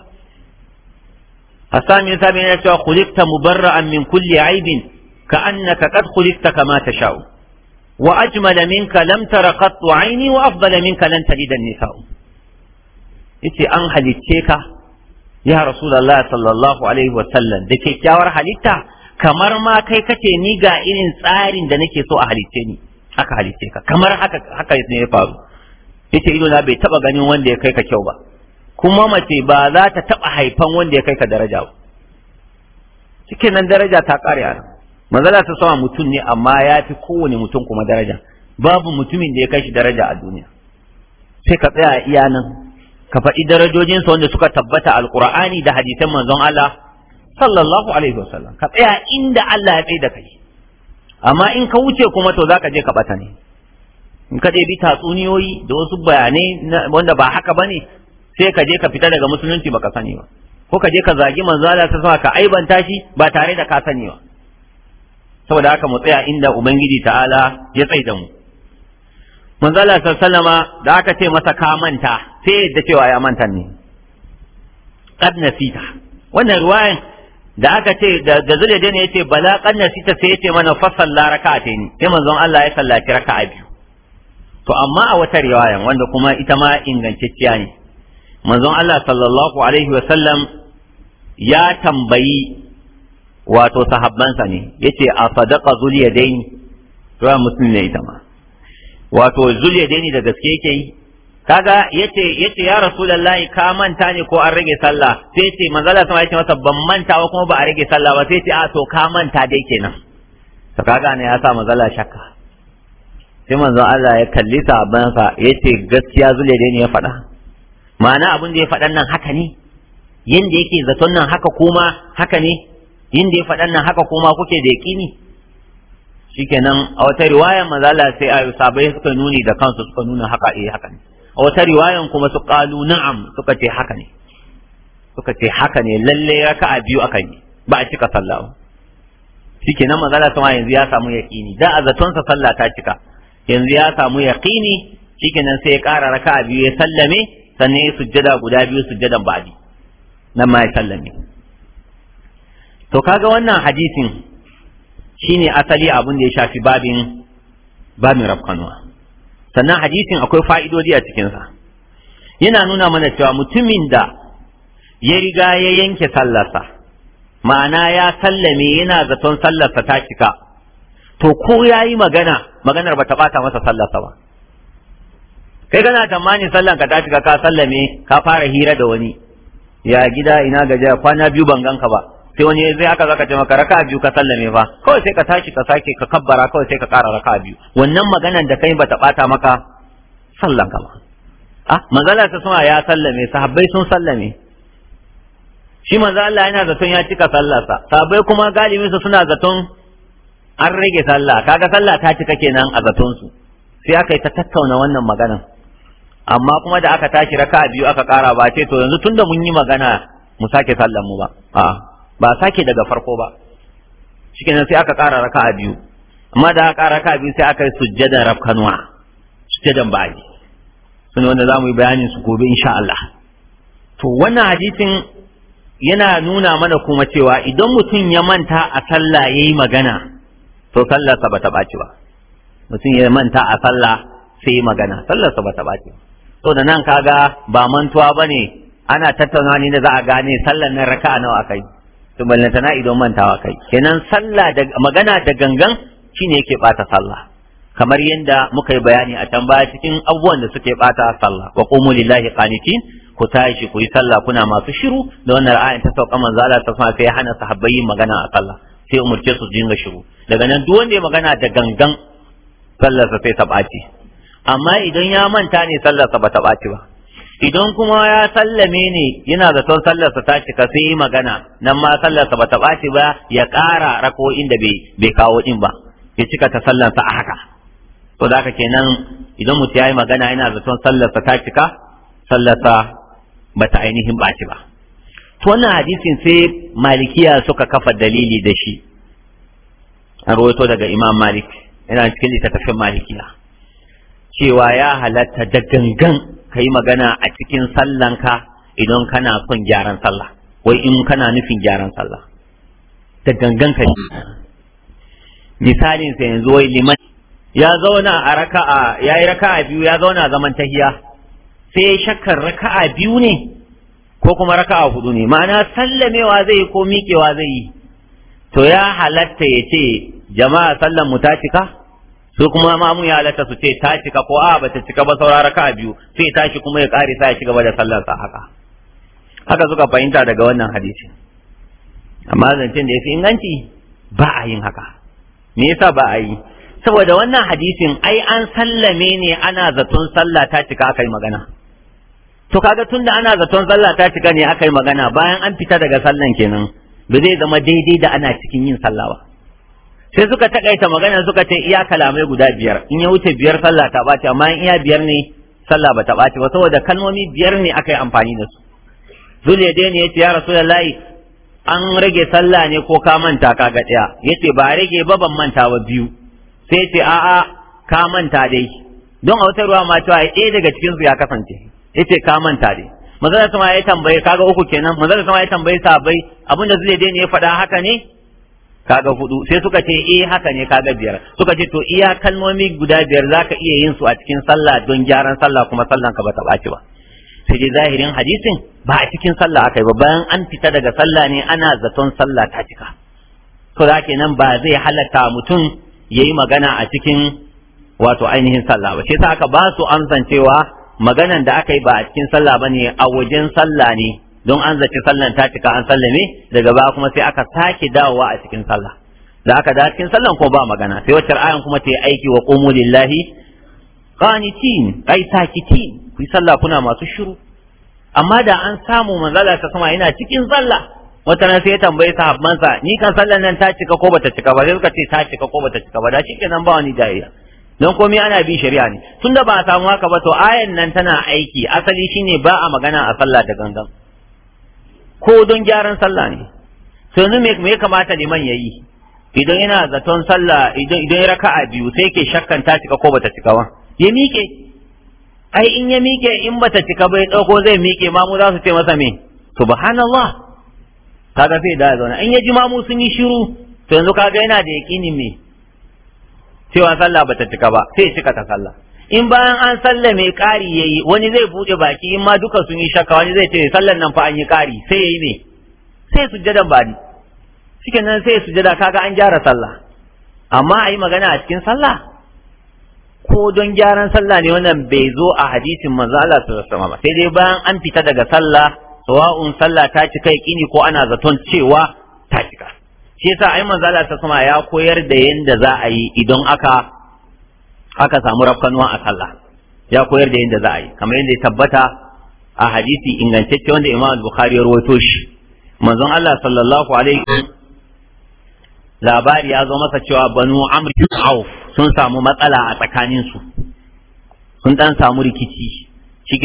asami sabi a cewa khuliqta mubarra'an min kulli aibin ka annaka qad khuliqta kama tasha'u wa ajmala minka lam tara qattu aini wa afdala minka lan talida nisa'u yace an halicce ka ya rasulullah sallallahu alaihi wa sallam da kyakkyawar halitta kamar ma kai kace ni ga irin tsarin da nake so a halicce ni aka halicce ka kamar haka haka ne ya faru ita ido na bai taba ganin wanda ya kai ka kyau ba kuma mace ba za ta taɓa haifan wanda ya kai ka daraja ba cikin nan daraja ta ƙare a manzala ta sama mutum ne amma ya fi kowane mutum kuma daraja babu mutumin da ya kai shi daraja a duniya sai ka tsaya a iya nan ka faɗi darajojinsa wanda suka tabbata alƙur'ani da hadisan manzon Allah sallallahu alaihi wasallam ka tsaya inda Allah ya tsaye da kai amma in ka wuce kuma to zaka je ka bata ne in ka ɗebi tatsuniyoyi da wasu bayanai wanda ba haka bane sai ka je ka fita daga musulunci baka sani ba ko ka je ka zagi manzo Allah ta sama ka aibanta shi ba tare da ka sani ba saboda haka mu tsaya inda ubangiji ta'ala ya tsaida mu manzo Allah sallama da aka ce masa ka manta sai da cewa ya manta ne Kad nasita wannan ruwayan da aka ce da zule da ne yace bala Kad nasita sai yace mana fa salla rak'atayn sai manzo Allah ya sallaci rak'a biyu to amma a wata riwayan wanda kuma ita ma ingantacciya ne manzon Allah sallallahu alaihi wa sallam ya tambayi wato sahabbansa ne yace a sadaqa zuliyadaini to ya musulmi ne ita ma wato zuliyadaini da gaske yake yi kaga yace yace ya rasulullahi ka manta ne ko an rage sallah sai yace manzo Allah sama yace masa ban manta ba kuma ba a rage sallah ba sai yace a to ka manta dai kenan to kaga ne ya sa manzo Allah shakka sai manzo Allah ya kalli sabansa yace gaskiya zule dai ne ya faɗa ma'ana abin da ya faɗan nan haka ne yanda yake zaton nan haka kuma haka ne da ya faɗan nan haka kuma kuke da yaƙini shikenan a wata riwayan mazala sai a sabai suka nuni da kansu suka nuna haka eh haka ne a wata riwayan kuma su ƙalu na'am suka ce haka ne suka ce haka ne lalle a biyu akan yi ba a cika sallah ba shikenan mazala sama yanzu ya samu yaƙini da a zaton sa sallah ta cika yanzu ya samu yaƙini shikenan sai ya ƙara a biyu ya sallame sannan ya sujjada guda biyu sujjadan ba'di nan ma ya sallame to kaga wannan hadisin shine asali abun da ya shafi babin babin rafkanuwa sannan hadisin akwai fa'idodi a cikinsa yana nuna mana cewa mutumin da ya riga ya yanke sallarsa ma'ana ya sallame yana zaton sallarsa ta cika to ko ya yi magana maganar ba ta bata masa sallarsa ba kai kana tamanin sallan ka ta shiga ka sallame ka fara hira da wani ya gida ina gajiya kwana biyu ban ganka ba sai wani zai aka zaka ce maka raka biyu ka sallame fa kawai sai ka tashi ka sake ka kabbara kawai sai ka ƙara raka biyu wannan maganan da kai bata bata maka sallan ka ba ah manzala ta suna ya sallame sahabbai sun sallame shi manzo Allah yana zaton ya cika sallarsa sahabbai kuma galibinsu suna zaton an rage sallah kaga sallah ta cika kenan a zaton su sai aka yi ta tattauna wannan maganan amma kuma da aka tashi raka'a biyu aka ƙara ba ce to yanzu tunda mun yi magana mu sake sallan mu ba a ba sake daga farko ba shikenan sai aka ƙara raka'a biyu amma da aka ƙara raka'a biyu sai aka yi sujjadan rafkanwa sujjadan ba'i sun wanda za mu yi bayanin su gobe insha Allah to wannan hadisin yana nuna mana kuma cewa idan mutum ya manta a sallah yayi magana to sallarsa ba ta ɓaci ba mutum ya manta a sallah sai magana sallarsa ba ta ɓaci ba to da nan kaga ba mantuwa bane ana tattauna ne da za a gane sallar na raka'a nawa akai to na idan mantawa kai kenan sallah da magana da gangan shine yake bata sallah kamar yadda muka yi bayani a can baya cikin abubuwan da suke bata sallah wa qumu lillahi qanitin ku tashi ku yi sallah kuna masu shiru da wannan ra'ayin ta sauka manzo Allah ta sai ya hana sahabbai magana a sallah sai umurce su dinga shiru daga nan duk wanda ya magana da gangan sallar sa sai ta ɓaci amma idan ya manta ne sallarsa bata ɓaci ba idan kuma ya sallame ne yana zaton sallarsa ta cika sai yi magana nan ma sallarsa bata ɓaci ba ya ƙara rako da bai kawo ɗin ba ya cika ta sallarsa a haka to da haka kenan idan mutum ya yi magana yana zaton sallarsa ta cika sallarsa bata ainihin ɓaci ba to wannan hadisin sai malikiya suka kafa dalili da shi an rawaito daga imam malik yana cikin littattafin malikiya cewa ya halatta da gangan ka yi magana a cikin sallanka idan kana son gyaran sallah wai in kana nufin gyaran sallah da gangan ka misalin sa yanzu wai liman ya zauna a raka'a yi raka'a biyu ya zauna zaman tahiya sai shakkar raka'a biyu ne ko kuma raka'a hudu ne ma'ana sallamewa zai ko miƙewa zai yi to ya halatta ya ce jama'a sallan mu ta cika su kuma mamu ya halatta su ce ta cika ko a bata cika ba saura raka biyu sai shi kuma ya kare sai ya shiga ba da sallar sa haka haka suka fahimta daga wannan hadisi amma zancen da fi inganci ba a yin haka me yasa ba a yi saboda wannan hadisin ai an sallame ne ana zaton sallah ta cika aka yi magana to kaga tunda ana zaton sallah ta cika ne aka yi magana bayan an fita daga sallan kenan ba zai zama daidai da ana cikin yin sallah ba sai suka takaita magana suka ce iya kalamai guda biyar in ya wuce biyar sallah ta ɓaci amma in iya biyar ne sallah ba ta ɓaci ba saboda kalmomi biyar ne aka yi amfani da su zuliyade ne yace ya rasulullahi an rage sallah ne ko ka manta ka ga ɗaya yace ba rage ba ban manta ba biyu sai ce a'a ka manta dai don a wata ruwa ma cewa eh, ɗaya daga cikin su ya kasance yace ka manta dai manzon sama ya tambaye kaga uku kenan manzon sama ya tambaye sabai abinda zuliyade ne ya faɗa haka ne kaga hudu sai suka ce eh haka ne kaga biyar suka ce to iya kalmomi guda biyar zaka iya yin su a cikin sallah don gyaran sallah kuma sallan ka bata ɓaci ba sai dai zahirin hadisin ba a cikin sallah akai ba bayan an fita daga sallah ne ana zaton sallah ta cika to da nan ba zai halatta mutum yayi magana a cikin wato ainihin sallah ba sai aka ba su amsan cewa maganan da aka yi ba a cikin sallah bane a wajen sallah ne don an zaci sallan ta cika an sallame daga baya kuma sai aka sake dawowa a cikin sallah da aka da cikin sallan ko ba magana sai wacce ayan kuma ta yi aiki wa qumu lillahi qanitin ai sakitin ku sallah kuna masu shiru amma da an samu manzala ta sama yana cikin sallah wata nan sai ya tambaye sahabbansa ni kan sallan nan ta cika ko bata cika ba sai suka ce ta cika ko bata cika ba da shikenan ba wani jayayya don komai ana bi shari'a ne tunda ba a samu haka ba to ayan nan tana aiki asali shine ba a magana a sallah da gangan ko don gyaran sallah ne sai yanzu me ya kamata liman ya yi idan yana zaton sallah idan idan raka'a biyu sai ke shakkan ta cika ko bata cika ba ya mike ai in ya mike in bata cika bai dauko zai mike mamu za su ce masa me subhanallah kaga sai da zauna in ya ji mamu sun yi shiru to yanzu kaga yana da yaqini me cewa sallah bata cika ba sai cika ta sallah in bayan an sallame ƙari yayi wani zai buɗe baki in ma duka sun yi shakka wani zai ce sallan nan fa an yi ƙari sai yayi me sai sujjadan bani cikin nan sai sujjada kaga an gyara sallah amma a yi magana a cikin sallah ko don gyaran sallah ne wannan bai zo a hadisin manzo Allah sallallahu alaihi sai dai bayan an fita daga sallah sawa'un sallah ta ci kai kini ko ana zaton cewa ta cika shi yasa ai manzo Allah sallallahu alaihi ya koyar da yanda za a yi idan aka aka samu rafkanuwa a sallah ya koyar da yadda za a yi kamar yadda ya tabbata a hadisi ingantacce wanda imam bukhari ya rawaito shi manzon Allah sallallahu alaihi labari ya zo masa cewa banu amr bin auf sun samu matsala a tsakanin su sun dan samu rikici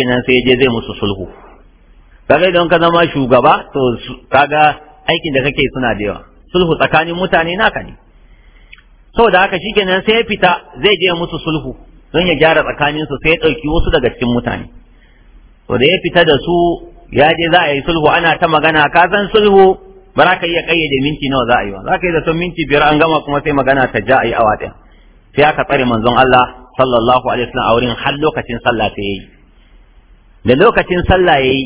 nan sai je zai musu sulhu kaga idan ka zama shugaba to kaga aikin da kake suna da yawa sulhu tsakanin mutane naka ne saboda haka shikenan sai ya fita zai je musu sulhu don ya gyara tsakanin su sai ya ɗauki wasu daga cikin mutane to da ya fita da su ya je za a yi sulhu ana ta magana ka san sulhu ba za ka iya kayyade minti nawa za a yi ba za ka yi da son minti biyar an gama kuma sai magana ta ja a yi awa ɗaya sai aka tsare manzon Allah sallallahu alaihi wasallam a wurin har lokacin sallah sai yayi da lokacin sallah yayi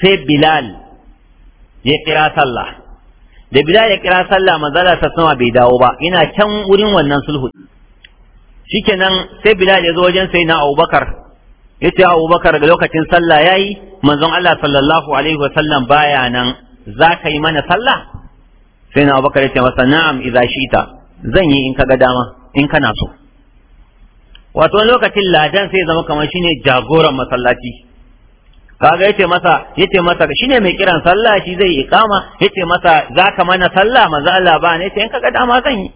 sai Bilal ya kira sallah da bilal ya kira sallah manzala ta sama bai dawo ba ina can wurin wannan sulhu shikenan sai bilal ya zo wajen sai na abubakar ya ce abubakar da lokacin sallah ya yi manzon allah sallallahu alaihi wasallam baya nan za ka yi mana sallah sai na abubakar ya ce masa na'am idza shita zan yi in ka ga dama in kana so wato lokacin ladan sai zama kamar shine jagoran masallaci kaga yace masa yace masa shine mai kiran sallah shi zai iqama yace masa zaka mana sallah manzo Allah ba ne yace in kaga dama zan yi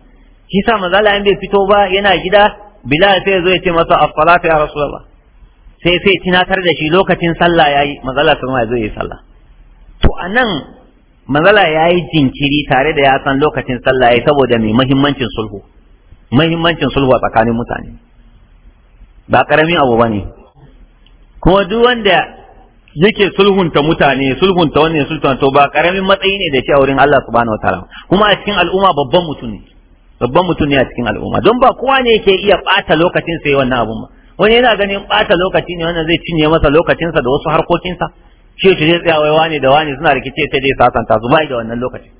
shi sa manzo Allah in bai fito ba yana gida Bilal sai zo yace masa as-salatu ya rasulullah sai sai tinatar da shi lokacin sallah yayi manzo Allah sai zo yi sallah to anan manzo Allah yayi jinkiri tare da ya san lokacin sallah yayi saboda mai muhimmancin sulhu muhimmancin sulhu a tsakanin mutane ba karamin abu bane kuma duk wanda yake sulhunta mutane sulhunta wannan sulhunta to ba karamin matsayi ne da shi a wurin Allah subhanahu wataala kuma a cikin al'umma babban mutum ne babban mutum ne a cikin al'umma don ba kowa ne yake iya bata lokacin sa wannan abun ba wani yana ganin bata lokaci ne wannan zai cinye masa lokacinsa da wasu harkokinsa shi shi zai tsaya ne da wani suna rikice sai dai sasanta su bai da wannan lokacin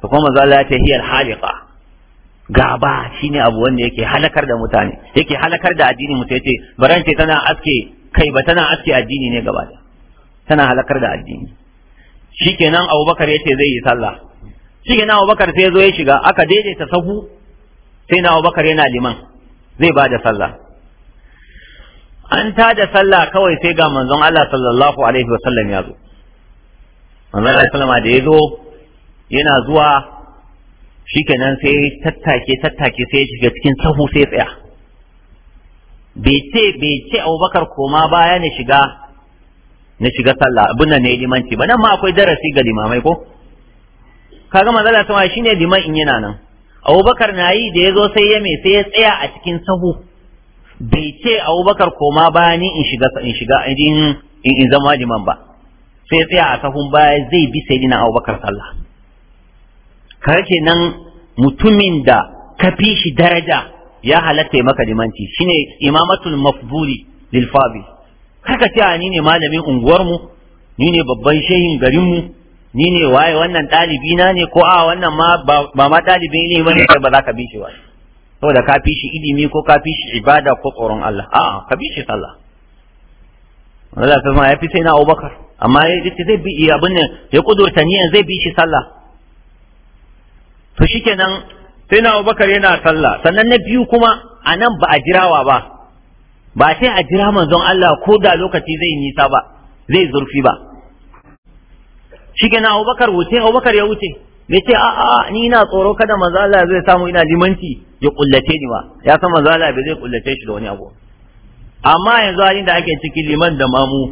to kuma zalla ta ya ce haliqa gaba shine abu wanda yake halakar da mutane yake halakar da addini mutane yace baran ce tana aske kai ba tana aske addini ne gaba tana halakar da addini shikenan abubakar ya ce zai yi sallah shikenan abubakar sai ya zo ya shiga aka daidaita sahu sai na abubakar yana liman zai ba da sallah an ta da sallah kawai sai ga manzon Allah sallallahu alaihi wasallam ya zo manzon Allah sallama da ya zo yana zuwa shikenan sai tattake tattake sai ya shiga cikin sahu sai ya tsaya bai ce bai ce abubakar koma baya na shiga ne shiga sallah abin nan ne limanci ba nan ma akwai darasi ga limamai ko kaga manzala sama shine liman in yana nan abubakar na yi da ya zo sai ya mai sai ya tsaya a cikin sahu bai ce abubakar koma baya ni in shiga in shiga in in zama liman ba sai ya tsaya a sahun baya zai bi sai sayyidina abubakar sallah kace nan mutumin da ka fi shi daraja ya halatta ya maka limanci shine imamatul mafduli lil fabi karka ce ni ne malamin unguwarmu ni ne babban shehin garinmu ni ne waye wannan ɗalibi na ne ko a wannan ma ba ma ɗalibin ne ba ne kai ba za ka bi shi ba saboda ka fi shi ilimi ko ka fi shi ibada ko tsoron Allah a'a ka bi shi sallah Allah ta ma ya fi sai na Abubakar amma ya ce zai bi abin ne ya kudurta niyan zai bi shi sallah to shikenan sai na abubakar yana sallah sannan na biyu kuma a nan ba a jirawa ba ba sai a jira manzon Allah ko da lokaci zai nisa ba zai zurfi ba shi ke na abubakar wuce abubakar ya wuce bai ce a'a ni na tsoro kada manzon Allah zai samu ina limanci ya kullace ni ba ya san manzon Allah bai zai kullace shi da wani abu amma yanzu halin da ake cikin liman da mamu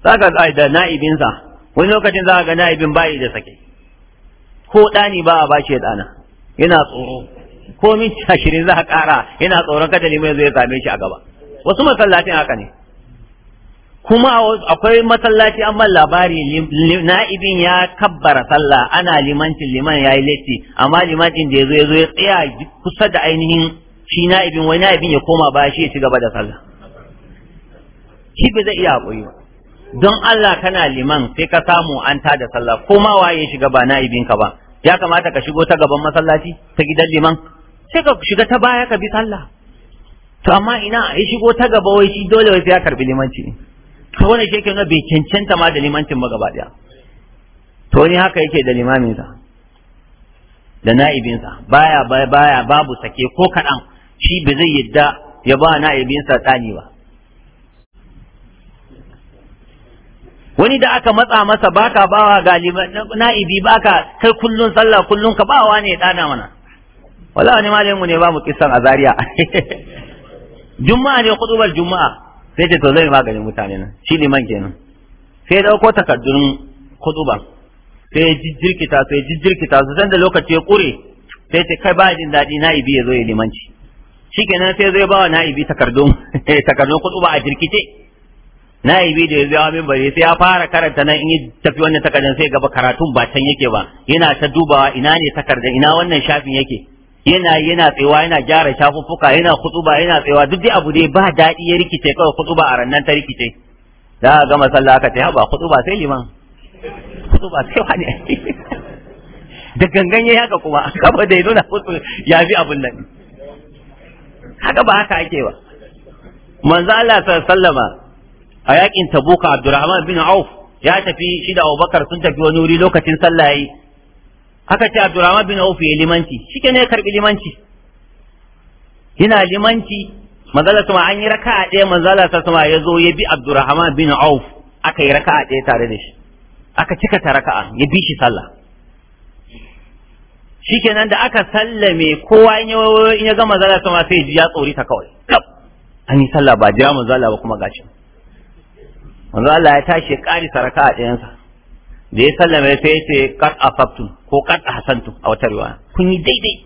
zaka ga da na'ibinsa wani lokacin zaka ga na'ibin bayi da sake ko ɗani ba a bashi ya ɗana yana tsoro ko min ashirin za a ƙara yana tsoron kada liman zai same shi a gaba wasu masallacin haka ne kuma akwai masallaci an man labari na'ibin ya kabbara sallah ana limancin liman ya yi latti amma limancin da ya zo ya zo ya tsaya kusa da ainihin shi na'ibin wani na'ibin ya koma ba shi ya ci gaba da sallah shi bai zai iya haƙuri ba don Allah kana liman sai ka samu an ta da sallah ko waye waye shiga ba na'ibinka ba ya kamata ka shigo ta gaban masallaci ta gidan liman sai ka shiga ta baya ka bi sallah to amma ina ya shigo ta gaba wai shi dole wai sai ya karbi limanci ne to wannan shi na bai cancanta ma da limancin ba gaba daya to ni haka yake da limamin sa da na'ibinsa baya baya babu sake ko kaɗan shi ba zai yadda ya ba na'ibinsa tsani ba wani da aka matsa masa baka bawa galiba na'ibi baka kai kullun sallah kullun ka bawa ne dana mana wala wani malamin mu ne ba mu kissan azariya juma'a ne khutubar juma'a sai ce to zai maganin mutane nan shi liman kenan sai dauko takaddun khutuba sai jijjirkita sai jijjirkita su san da lokaci ya kure sai ce kai ba jin daɗi na'ibi ya zo ya limanci shikenan sai zai bawa na'ibi takardun takardun khutuba a jirkice na'ibi da ya zawa min bare sai ya fara karanta nan in yi tafi wannan takardan sai gaba karatun ba can yake ba yana ta dubawa ina ne takardan ina wannan shafin yake yana yana tsewa yana gyara shafuffuka yana kutsuba yana tsewa duk dai abu dai ba daɗi ya rikice kawai kutsuba a rannan ta rikice da aka gama sallah aka ce haba kutsuba sai liman kutsuba sai wani da gangan ya haka kuma kama da nuna kutsu ya fi abun nan haka ba haka ake ba manzo Allah sallama a yakin tabuka abdurrahman bin auf ya tafi shi da abubakar sun tafi wani wuri lokacin sallah yi aka ce abdurrahman bin auf ya limanci shike ne ya karbi limanci yana limanci manzala sama an yi raka'a ɗaya manzala sama ya zo ya bi abdurrahman bin auf aka yi raka'a ɗaya tare da shi aka cika ta raka'a ya bi shi sallah shikenan da aka sallame kowa in ya gama zala sama sai ji ya tsori ta kawai an yi sallah ba jira manzala ba kuma gashin wanzu Allah ya tashi ya ƙari saraka a ɗayansa da ya sallama sai ya ce a faftun ko a hasantun a wata riwa. kun yi daidai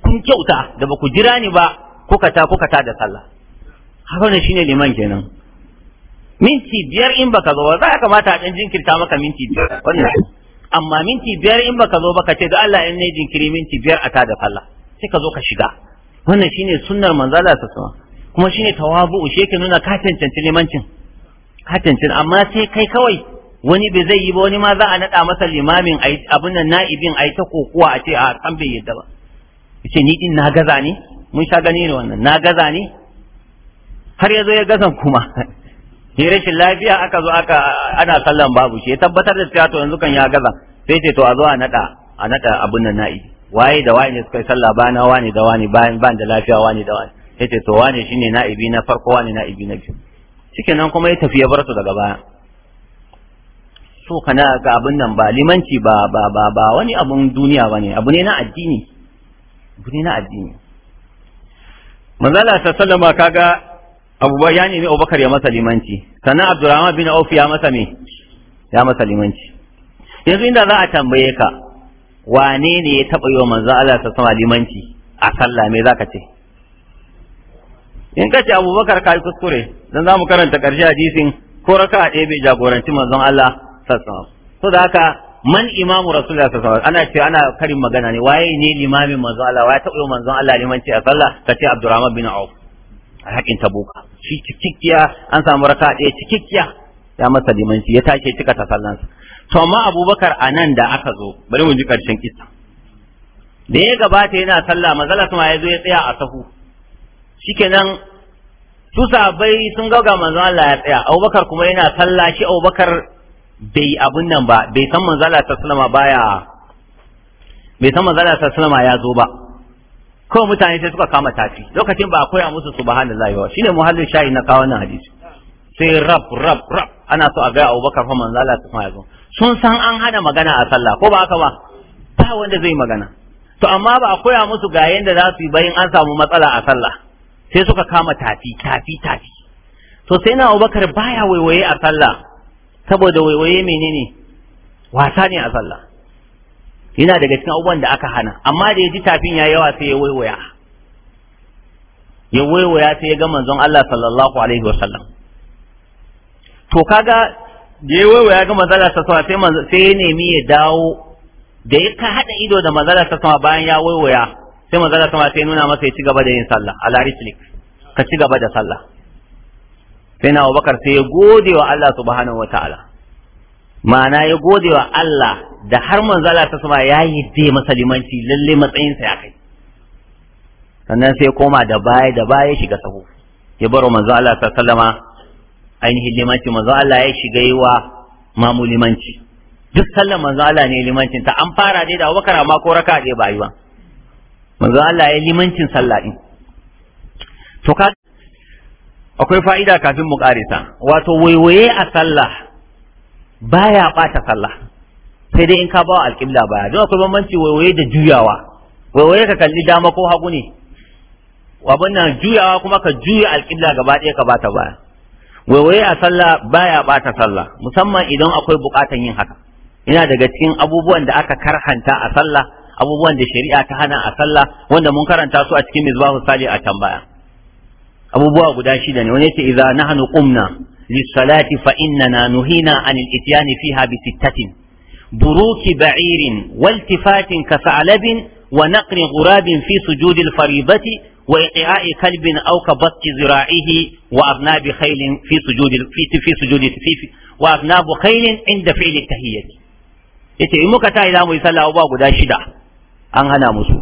kun kyauta da ba ku jira ni ba kuka ta kuka ta da sallah shi shine liman kenan minti biyar in baka zo ba za kamata a ɗan jinkirta maka minti biyar wannan amma minti biyar in baka zo baka ce da Allah in ne jinkiri minti biyar a ta da sallah sai ka zo ka shiga wannan shine sunnar manzala sassama kuma shine tawabu'u shi yake nuna ka cancanci limancin hatancin amma sai kai kawai wani bai zai yi ba wani ma za a naɗa masa limamin abin nan na'ibin a yi ta kokuwa a ce a san bai yadda ba ce ni din na gaza ne mun sha gani ne wannan na gaza ne har ya zo ya gazan kuma ya rashin lafiya aka zo aka ana sallan babu shi ya tabbatar da cewa to yanzu kan ya gaza sai ce to a zo a naɗa a naɗa abin nan na'ibi waye da waye ne suka yi sallah bana wani da wani bayan ban da lafiya wani da sai yace to wani shine na'ibi na farko wani na'ibi na biyu nan kuma ya tafi ya bar su daga baya so kana ga abin nan ba limanci ba ba ba ba wani abun duniya bane abu ne na addini abu ne na addini manzala ta sallama kaga abubakar ya nemi abubakar ya masa limanci sannan abdurrahman bin auf ya masa me ya masa limanci yanzu inda za a tambaye ka wane ne ya taɓa yi wa manzo Allah ta sama limanci a sallah me zaka ce in ka ce abubakar kai kuskure dan zamu karanta karshe hadisin ko raka ɗaya bai jagoranci manzon Allah sallallahu alaihi to da haka man imamu rasulullah sallallahu alaihi ana ce ana karin magana ne waye ne limamin manzon Allah waye taɓa manzon Allah limanci a sallah kace Abdurrahman bin Auf a hakin Tabuka shi cikikkiya an samu raka ɗaya cikikkiya ya masa limanci ya take cika ta sallansa to amma Abubakar nan da aka zo bari mu ji karshen kisa. da ya gabata yana sallah manzala kuma ya zo ya tsaya a sahu shikenan su sahabbai sun ga ga Allah ya tsaya Abubakar kuma yana sallah shi Abubakar bai abun nan ba bai san manzon Allah sallama baya bai san manzon Allah sallama ya zo ba ko mutane sai suka kama tafi lokacin ba a koya musu subhanallahi ba shine muhallin shayi na kawo nan hadisi sai rab rab rab ana so a ga Abubakar fa manzon Allah sallama ya zo sun san an hana magana a sallah ko ba haka ba ba wanda zai magana to amma ba a koya musu ga yanda za su yi bayan an samu matsala a sallah sai suka kama tafi tafi tafi to sai na abubakar baya waiwaye a sallah saboda waiwaye menene wasa ne a sallah yana daga cikin abubuwan da aka hana amma da ya ji tafin ya yawa sai ya waiwaya ya waiwaya sai ya ga manzon Allah sallallahu alaihi wa sallam to kaga da ya waiwaya ga manzon Allah sallallahu alaihi sai sai ya nemi ya dawo da ya ka hada ido da manzon Allah sallallahu bayan ya waiwaya sai manzo Allah sama sai nuna masa ya ci gaba da yin sallah a rijlik ka ci gaba da sallah sai na Abubakar sai ya gode wa Allah subhanahu wataala ma'ana ya gode wa Allah da har manzo Allah ta sama ya yi dai masa limanci lalle matsayinsa ya kai sannan sai koma da baya da baya shiga sahu ya baro manzo Allah ta sallama ainihin limanci manzo Allah ya shiga yi wa mamu limanci duk sallar manzo Allah ne limancin ta an fara dai da Abubakar amma ko raka dai ba yi ba manzo Allah ya limancin sallah din to ka akwai fa'ida kafin mu ƙarisa. wato waiwaye a sallah baya bata sallah sai dai in ka bawa alƙibla baya don akwai bambanci waiwaye da juyawa waiwaye ka kalli dama ko hagu ne abin nan juyawa kuma ka juya alƙibla gaba ɗaya ka bata baya waiwaye a sallah baya bata sallah musamman idan akwai buƙatan yin haka Ina daga cikin abubuwan da aka karhanta a sallah abubuwan da shari'a ta hana a sallah wanda mun karanta su a cikin misbahu sali a tambaya. abubuwa guda shida ne wani yace idza nahnu qumna lis-salati fa innana nuhina anil ityani fiha bi sittatin buruki ba'irin waltifatin ka sa'alabin wa naqri ghurabin fi sujudil faribati wa iqa'i kalbin aw ka batti zira'ihi wa arnabi khailin fi sujudil fi fi sujudil fi wa arnabu khailin inda fi'li tahiyyati yace in muka tayi zamu yi sallah guda shida an hana musu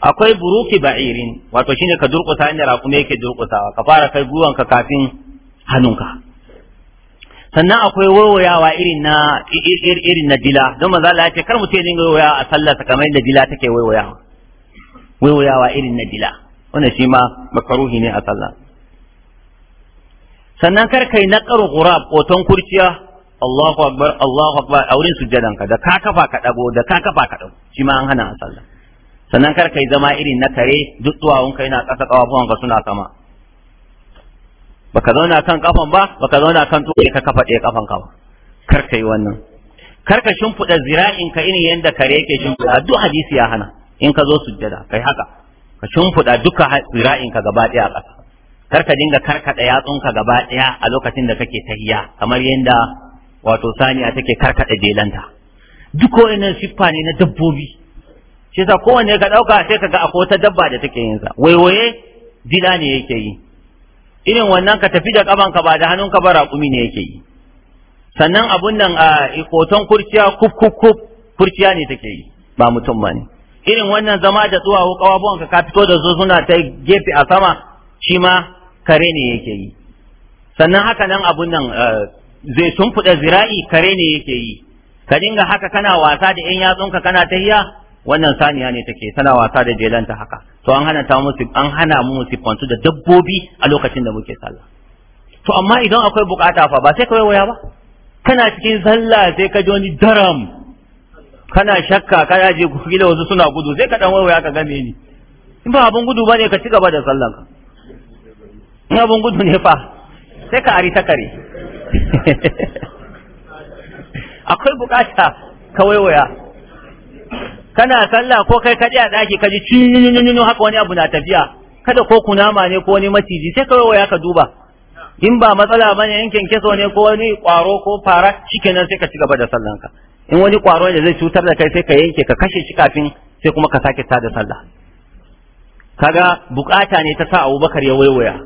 akwai buruki ba'irin wato shine ka durƙusa inda raƙumi yake durƙusawa ka fara kai gwiwanka kafin hannunka sannan akwai wayoyawa irin na irin na dila don maza Allah ce kar mutum dinga wayoyawa a sallah kamar yadda dila take wayoyawa wayoyawa irin na dila wannan shi ma makaruhi ne a sallah sannan kar kai naqaru ghurab koton kurciya Allahu akbar Allahu akbar a wurin sujjadan ka da ka kafa ka dago da ka kafa ka dago shi ma an hana a sallah sannan kar kai zama irin na kare duk tuwawun kai na ƙasa kafafuwan ka suna sama baka zauna kan kafan ba baka zauna kan tuwaye ka kafa ɗaya kafan ka ba kar kai wannan kar ka shimfiɗa zira'in ka irin yadda kare yake shimfiɗa duk hadisi ya hana in ka zo sujjada kai haka ka shimfiɗa duka zira'in ka gaba ɗaya a ƙasa kar ka dinga karkaɗa yatsunka gaba ɗaya a lokacin da kake tahiya kamar yadda wato saniya take karkada belanta duk wannan siffa ne na dabbobi shi yasa kowanne ka dauka sai kaga akwai wata dabba da take yin sa waiwaye dila ne yake yi irin wannan ka tafi da ka ba da ka ba raƙumi ne yake yi sannan abun nan a hoton kurciya kuf kuf kuf kurciya ne take yi ba mutum ba ne irin wannan zama da tsuwa ko ka fito da su suna ta gefe a sama shi ma kare ne yake yi sannan haka nan abun nan zai tumfuɗa zira'i kare ne yake yi ka dinga haka kana wasa da yan yatsunka kana tahiya wannan saniya ne take tana wasa da jelanta haka to an hana ta musu an hana mu sifantu da dabbobi a lokacin da muke sallah to amma idan akwai bukata fa ba sai kawai waya ba kana cikin sallah sai ka ji wani daram kana shakka kana je gida wasu suna gudu sai ka dan waya ka game ni in ba abun gudu bane ka ci gaba da ka in abun gudu ne fa sai ka ari ta kare akwai bukata ka waiwaya kana sallah ko kai kaɗi a daki ka ji cinyinyinyinyin haka wani abu na tafiya kada ko kunama ne ko wani maciji sai ka waiwaya ka duba in ba matsala bane yankin keso ne ko wani ƙwaro ko fara shikenan sai ka ci gaba da sallanka in wani kwaro ne zai cutar da kai sai ka yanke ka kashe shi kafin sai kuma ka sake tada sallah kaga bukata ne ta sa Abubakar ya waiwaya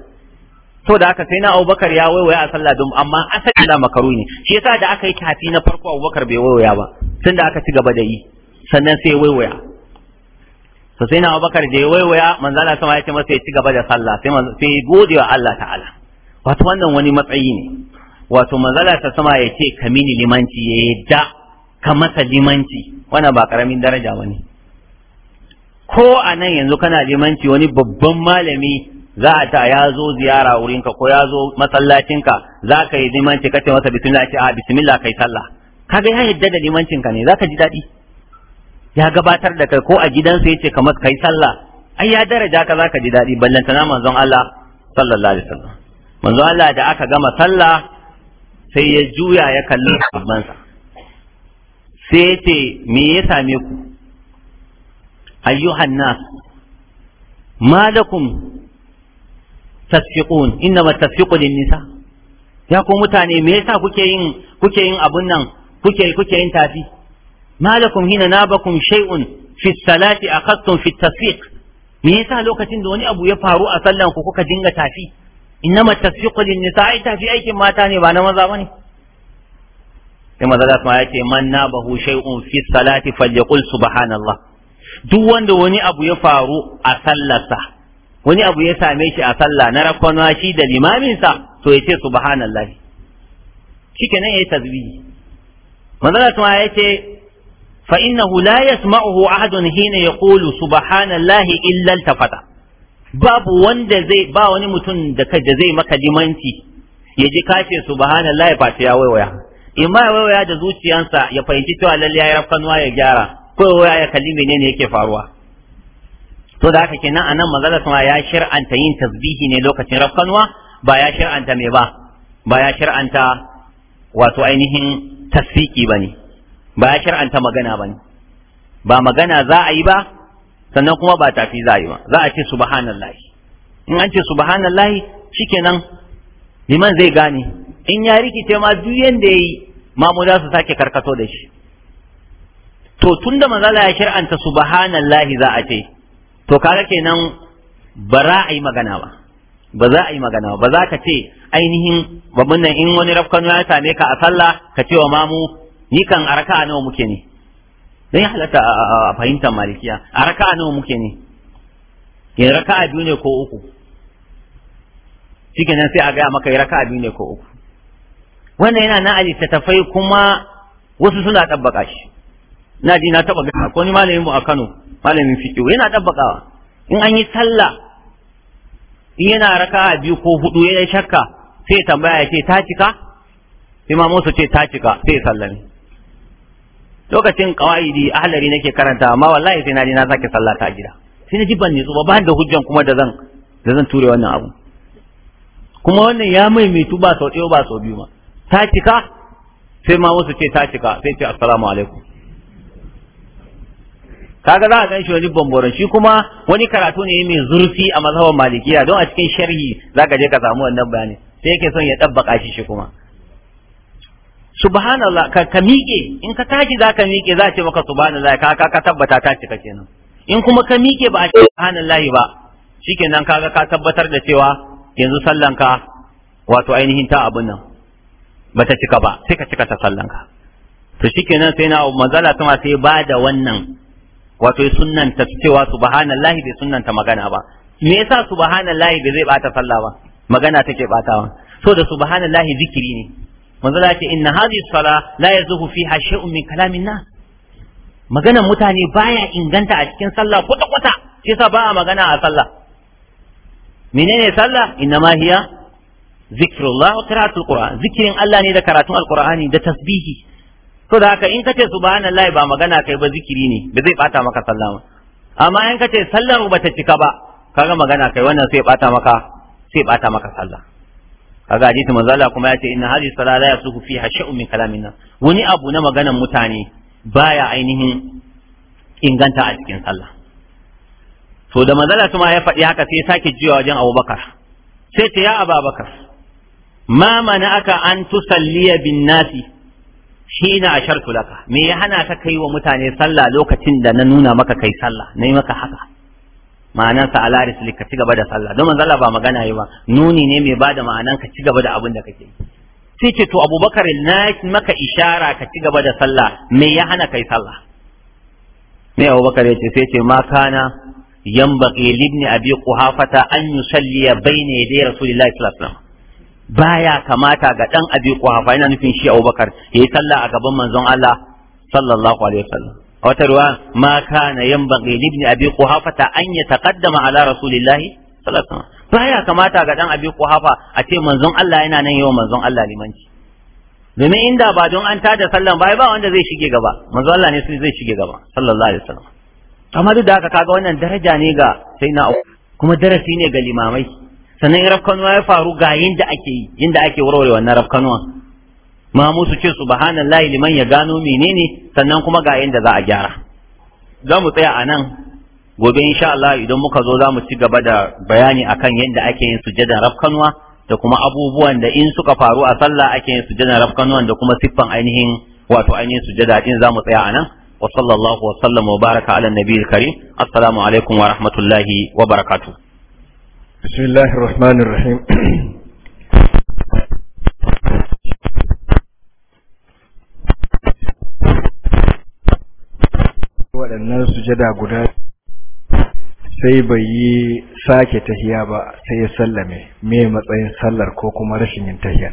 to da aka sai na Abubakar ya waiwaya a sallah don amma an san makaru ne shi yasa da aka yi tafi na farko Abubakar bai waiwaya ba tun da aka ci gaba da yi sannan sai waiwaya to sai na Abubakar da ya waiwaya manzo Allah sama ya ce masa ya ci gaba da sallah sai manzo sai gode wa Allah ta'ala wato wannan wani matsayi ne wato manzo Allah sama ya ce kamini limanci ya yadda ka masa limanci wannan ba karamin daraja bane ko a nan yanzu kana limanci wani babban malami za a ta ya zo ziyara wurinka ko ya zo masallacinka za ka yi limanci ka ce masa bismillah ce a ah, bismillah kai sallah ka ya yayin da limancinka ne za ka ji daɗi ya gabatar da kai ko a gidansa ya ce kamar kai sallah ai ya daraja ka za ka ji daɗi ballantana manzon Allah sallallahu alaihi wasallam manzon Allah da aka gama sallah sai ya juya ya kalli babbansa sai ya ce me ya same ku ayyuhan nas malakum tasfiqun innama tasfiqu lin-nisa ya ku mutane me yasa kuke yin kuke yin abun nan kuke kuke yin tafi malakum hina nabakum shay'un fi salati akhadtum fi tasfiq me yasa lokacin da wani abu ya faru a sallan ku kuka dinga tafi innama tasfiqu lin-nisa ai tafi aikin mata ne ba na maza bane sai maza da ya ce man nabahu shay'un fi salati falyaqul subhanallah duk wanda wani abu ya faru a sallarsa wani abu ya same shi a sallah na rakwana shi da limaminsa to ya ce subhanallah ya yi tasbi. manzala kuma ya ce fa innahu la yasma'uhu ahadun hina yaqulu subhanallah illa altafata babu wanda zai ba wani mutum da ka da zai maka limanci ya ji kace subhanallahi fa ya waiwaya in ma waiwaya da zuciyansa ya fahimci cewa lalle ya rafkanuwa ya gyara ko waya ya kalli menene yake faruwa to da haka kenan anan manzala sama ya shir'anta yin tasbihi ne lokacin rafkanwa ba ya shir'anta me ba ba ya shir'anta wato ainihin tasfiki bane ba ya shir'anta magana bane ba magana za a yi ba sannan kuma ba tafi za a yi ba za a ce subhanallahi in an ce subhanallahi shikenan liman zai gane in ya rikice ma duk yanda yayi mamu za su sake karkato da shi to tunda manzala ya shir'anta subhanallahi za a ce to kaga kenan ba za a yi magana ba ba za a yi magana ba za ka ce ainihin babban nan in wani rafkan ya same ka a sallah ka ce wa mamu ni kan a nawa muke ne dan ya halatta a fahimtar malikiya a nawa muke ne ke raka'a biyu ne ko uku kenan sai a gaya maka ya a biyu ne ko uku wannan yana na tafai kuma wasu suna tabbaka shi na ji na taba ga ko ni malamin mu a Kano malamin fiqh yana dabbakawa in an yi sallah in yana raka'a biyu ko hudu ya shakka sai ya tambaya ya ce ta cika imamu su ce ta cika sai ya lokacin qawaidi ahlari nake karanta amma wallahi sai na ji na sake sallah ta gida sai na ji ban nitsu ba da hujjan kuma da zan da zan ture wannan abu kuma wannan ya maimaitu ba sau ɗaya ba sau biyu ma ta cika sai ma wasu ce ta cika sai ce assalamu alaikum kaga za a gan shi wani bamboron shi kuma wani karatu ne mai zurfi a mazhaban malikiya don a cikin sharhi za ka je ka samu wannan bayani sai yake son ya ɗabbaka shi shi kuma subhanallah ka, ka miƙe in ka tashi za ka miƙe za a ce maka subhanallah ka ka tabbata ta cika kenan in kuma ka miƙe ba a ce subhanallah ba shikenan kaga ka tabbatar da cewa yanzu sallanka wato ainihin ta abun nan bata cika ba sai ka cika ta sallanka to shikenan sai na manzala tuma sai ba da wannan wato sunnanta cewa subhanallahi bai sunnanta magana ba me yasa subhanallahi bai zai bata sallah ba magana take batawa so da subhanallahi zikiri ne manzo Allah ce inna hadhihi sala la yazuhu fiha shay'un min kalamin nas maganar mutane baya inganta a cikin sallah kwata kwata shi yasa ba a magana a sallah menene sallah inna ma hiya zikrullah wa qira'atul qur'an zikirin Allah ne da karatun alqur'ani da tasbihi so da haka in ka ce subhanallahi ba magana kai ba zikiri ne ba zai bata maka sallama amma in ce sallar ba ta cika ba kaga magana kai wannan sai bata maka sai bata maka sallah kaga hadisi manzo Allah kuma yace inna hadhihi salata la yasuhu fiha shay'un min kalamin wani abu na maganan mutane baya ainihin inganta a cikin sallah to da mazala kuma ya faɗi haka sai ya sake jiya wajen Abubakar sai ta ya Abubakar ma aka an tusalliya bin nasi hina ashartu laka me ya hana ka kai wa mutane sallah lokacin da na nuna maka kai sallah na yi maka haka ma'anar sa ala ka ci gaba da sallah don manzo ba magana yi ba nuni ne mai bada ma'anar ka ci gaba da abin da kake yi sai ce to abubakar na maka ishara ka ci gaba da sallah me ya hana kai sallah me abubakar ya ce sai ce ma kana yanbaghi libni abi quhafata an bai bayna yaday rasulillahi sallallahu alaihi baya kamata ga dan abi kuhafa yana nufin shi abubakar yayi sallah a gaban manzon Allah sallallahu alaihi wasallam a wata ruwa ma kana yan li ibn abi kuhafa ta an taqaddama ala rasulillahi sallallahu alaihi wasallam baya kamata ga dan abi kuhafa a ce manzon Allah yana nan yau manzon Allah limanci domin inda ba don an tada sallan bai ba wanda zai shige gaba manzon Allah ne zai shige gaba sallallahu alaihi wasallam amma duk da haka kaga wannan daraja ne ga sai na kuma darasi ne ga limamai sannan in rafkanuwa ya faru ga yinda ake yi yinda ake warware wannan rafkanuwa ma musu ce subhanallahi liman ya gano menene sannan kuma ga yinda za a gyara za mu tsaya a nan gobe insha Allah idan muka zo za mu ci gaba da bayani akan yadda ake yin sujjadan rafkanuwa da kuma abubuwan da in suka faru a sallah ake yin sujjadan rafkanuwan da kuma siffan ainihin wato ainihin sujjada din za mu tsaya a nan wa sallallahu wa sallam wa baraka ala nabiyil karim assalamu alaikum wa rahmatullahi wa barakatuh بسم الله الرحمن الرحيم waɗannan sujada guda sai bai yi sake tahiya ba sai ya sallame me matsayin sallar ko kuma rashin yin tahiya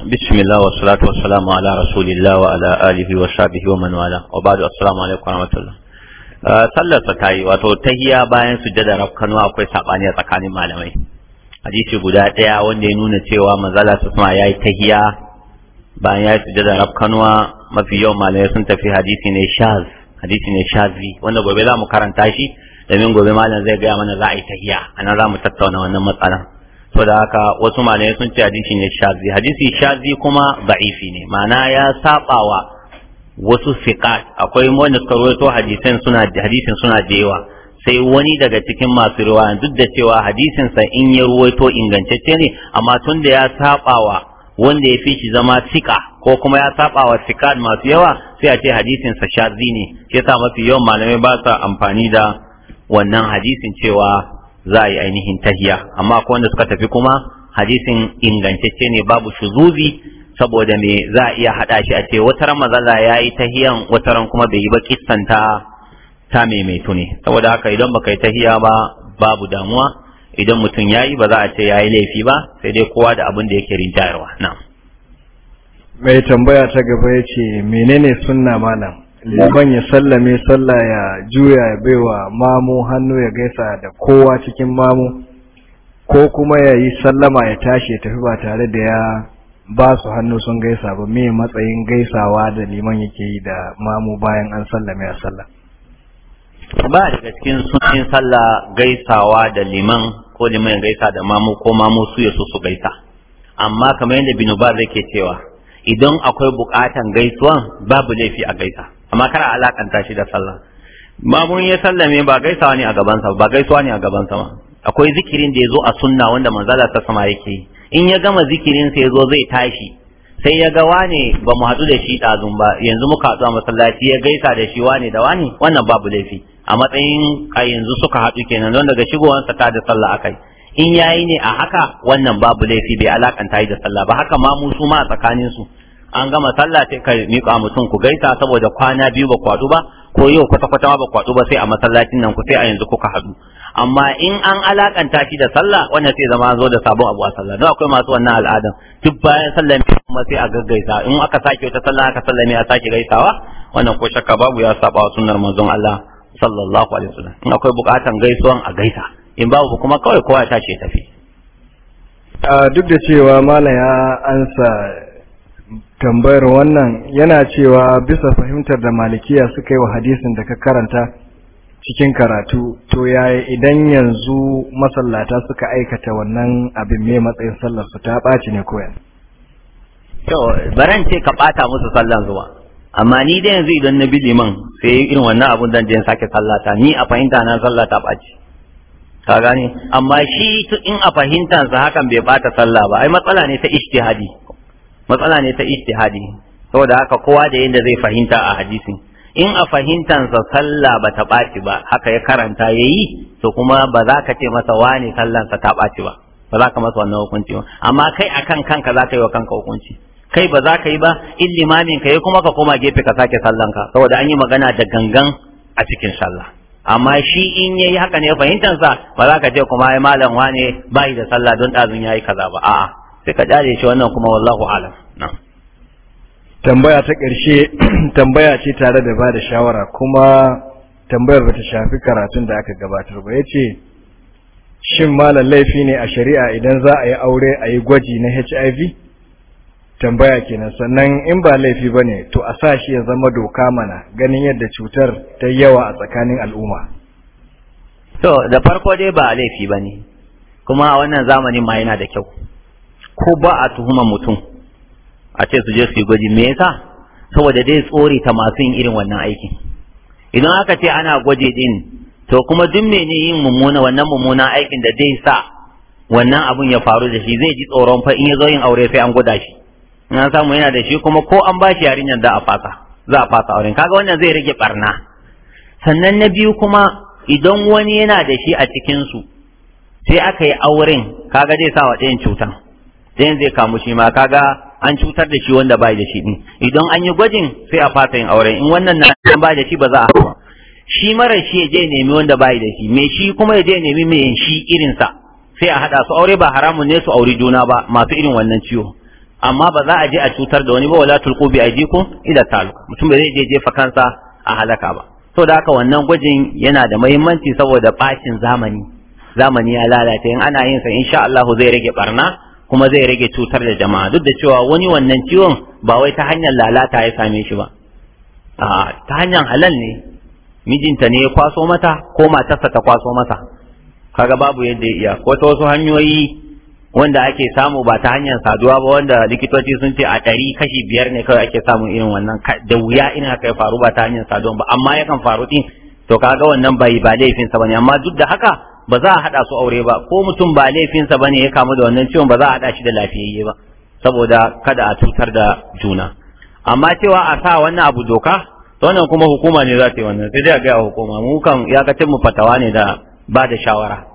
bismillah wa salatu ala rasulillah wa alihi wa sahbihi wa man wala wa ba'du assalamu Uh, sallarsa ta yi wato tahiya bayan sujjada rafkanuwa akwai sabani a tsakanin malamai hadisi guda ɗaya wanda ya nuna cewa mazala su sama ya yi tahiya bayan ya yi sujjada mafi yawan malamai sun tafi hadisi ne shaz hadisi ne shazi wanda gobe za mu karanta shi domin gobe malam zai gaya mana za a yi tahiya a za mu tattauna wannan matsalan to da haka wasu malamai sun ce hadisi ne shazi hadisi shazi kuma ba'ifi ne ma'ana ya saɓawa wasu siqat akwai wanda suka rawaito hadisin suna hadisin suna da yawa sai wani daga cikin masu riwaya duk da cewa hadisin sa in ya ruwaito ingantacce ne amma tunda da ya sabawa wanda ya fi shi zama sika ko kuma ya sabawa sikat masu yawa sai a ce hadisin sa shazi ne shi mafi yawan malamai ba sa amfani da wannan hadisin cewa za a yi ainihin tahiya amma akwai wanda suka tafi kuma hadisin ingantacce ne babu shuzuzi saboda me za a iya haɗa shi a ce wata mazala ya yi tahiyan wata ran kuma bai yi ba kistan ta ta maimaitu ne saboda haka idan baka yi tahiya ba babu damuwa idan mutum ya yi ba za a ce ya yi laifi ba sai dai kowa da abin da yake rinjayarwa na mai tambaya ta gaba ya ce menene sunna malam liman ya sallame sallah ya juya ya baiwa mamu hannu ya gaisa da kowa cikin mamu ko kuma ya yi sallama ya tashi ya tafi ba tare da ya ba su hannu sun gaisa ba me matsayin gaisawa da liman yake yi da mamu bayan an sallame a sallah ba daga cikin sunan sallah gaisawa da liman ko liman ya gaisa da mamu ko mamu su ya so su gaisa amma kamar yadda binu ba zai ke cewa idan akwai bukatan gaisuwan babu laifi a gaisa amma kar a alakanta shi da sallah mamun ya sallame ba gaisawa ne a gabansa ba gaisuwa ne a gabansa ma akwai zikirin da ya zo a sunna wanda manzala ta sama yake yi in ya gama zikirin sai zo zai tashi sai ya ga wane ba mu haɗu da shi ɗazun ba yanzu muka haɗu a masallaci ya gaisa da shi wane da wane wannan babu laifi a matsayin a yanzu suka haɗu kenan don daga shigowansa ta da sallah akai in yayi ne a haka wannan babu laifi bai alakanta da sallah ba haka ma mu su ma a tsakanin su an gama sallah sai ka miƙa mutum ku gaisa saboda kwana biyu ba kwaɗu ba ko yau kwata kwata ba kwaɗu ba sai a masallacin nan ku sai a yanzu kuka hadu. amma in an alakanta shi da sallah wannan sai zama zo da sabon abu a sallah don akwai masu wannan al'adan duk bayan sallah kuma sai a gaggaisa in aka sake wata sallah aka sallame a sake gaisawa wannan ko shakka babu ya saba wa sunnar manzon Allah sallallahu alaihi wasallam in akwai bukatan gaisuwan a gaisa in babu kuma kawai kowa ya tashi tafi duk da cewa malam ya ansa tambayar wannan yana cewa bisa fahimtar da malikiya suka yi wa hadisin da ka karanta cikin karatu to ya idan yanzu masallata suka aikata wannan abin mai matsayin sallar su ta ɓaci ne koyan to baran ce ka ɓata musu sallan zuwa amma ni dai yanzu idan na bi liman sai irin wannan abun zan jin sake sallata ni a fahimta na sallata ta ɓaci ka gane amma shi in a fahimtansa hakan bai ɓata sallah ba ai matsala ne ta ijtihadi matsala ne ta ijtihadi saboda haka kowa da yadda zai fahimta a hadisin in a fahimtansa sallah ba ta ɓaci ba haka ya karanta ya yi to kuma ba za ka ce masa wani sallansa ta ɓaci ba ba za ka masa wannan hukunci ba amma kai a kan kanka za ka yi wa kanka hukunci kai ba za ka yi ba in limamin ka ya kuma ka koma gefe ka sake sallanka saboda an yi magana da gangan a cikin sallah amma shi in ya yi haka ne fahimtansa ba za ka ce kuma ya malam wane bayi da sallah don ɗazun ya yi kaza ba a'a sai ka jare shi wannan kuma wallahu alam na'am tambaya ta ƙarshe tambaya ce tare da ba da shawara kuma tambayar ba ta shafi karatun da aka gabatar ba ya ce shin malam laifi ne a shari'a idan za a yi aure a yi gwaji na hiv tambaya kenan sannan in ba laifi ba ne to a sa shi ya zama doka mana ganin yadda cutar ta yawa a tsakanin al'umma to da farko dai ba laifi ba ne kuma a wannan zamanin ma yana da kyau ko ba a tuhumar mutum a ce su je su yi gwaji me yasa saboda dai tsori ta masu yin irin wannan aikin idan aka ce ana gwaji din to kuma duk ne yin mummuna wannan mummuna aikin da zai sa wannan abun ya faru da shi zai ji tsoron fa in ya zo yin aure sai an gwada shi in samu yana da shi kuma ko an bashi shi yarinyar da a fasa za a fasa auren kaga wannan zai rage barna sannan na biyu kuma idan wani yana da shi a cikin su sai aka yi auren kaga zai sa wa ɗayan cutan ɗayan zai kamu shi ma kaga an cutar da shi wanda bai da shi din idan an yi gwajin sai a fasa yin aure. in wannan na an ba da shi ba za a hawa shi mara shi je nemi wanda bai da shi me shi kuma ya je nemi me shi irin sa sai a hada su aure ba haramun ne su auri juna ba masu irin wannan ciwo amma ba za a je a cutar da wani ba wala tulqu bi ku? ila taluka mutum bai je jefa kansa a halaka ba to da haka wannan gwajin yana da muhimmanci saboda bacin zamani zamani ya lalata in ana yin sa insha Allah zai rage barna kuma zai rage cutar da jama'a duk da cewa wani wannan ciwon ba wai ta hanyar lalata ya same shi ba a ta hanyar halal ne mijinta ne ya kwaso mata ko matarsa ta kwaso mata kaga babu yadda ya iya ko ta wasu hanyoyi wanda ake samu ba ta hanyar saduwa ba wanda likitoci sun ce a ɗari kashi biyar ne kawai ake samun irin wannan da wuya ina haka ya faru ba ta hanyar saduwa ba amma yakan faru din to kaga wannan bai ba laifinsa ba ne amma duk da haka ba za a haɗa su aure ba ko mutum ba laifinsa ba ne ya kamu da wannan ciwon ba za a haɗa shi da lafiyayye ba saboda kada a tutar da juna amma cewa a sa wannan abu doka to wannan kuma hukuma ne za ta yi wannan sai dai a gaya hukuma mu kan iyakacin mu fatawa ne da ba da shawara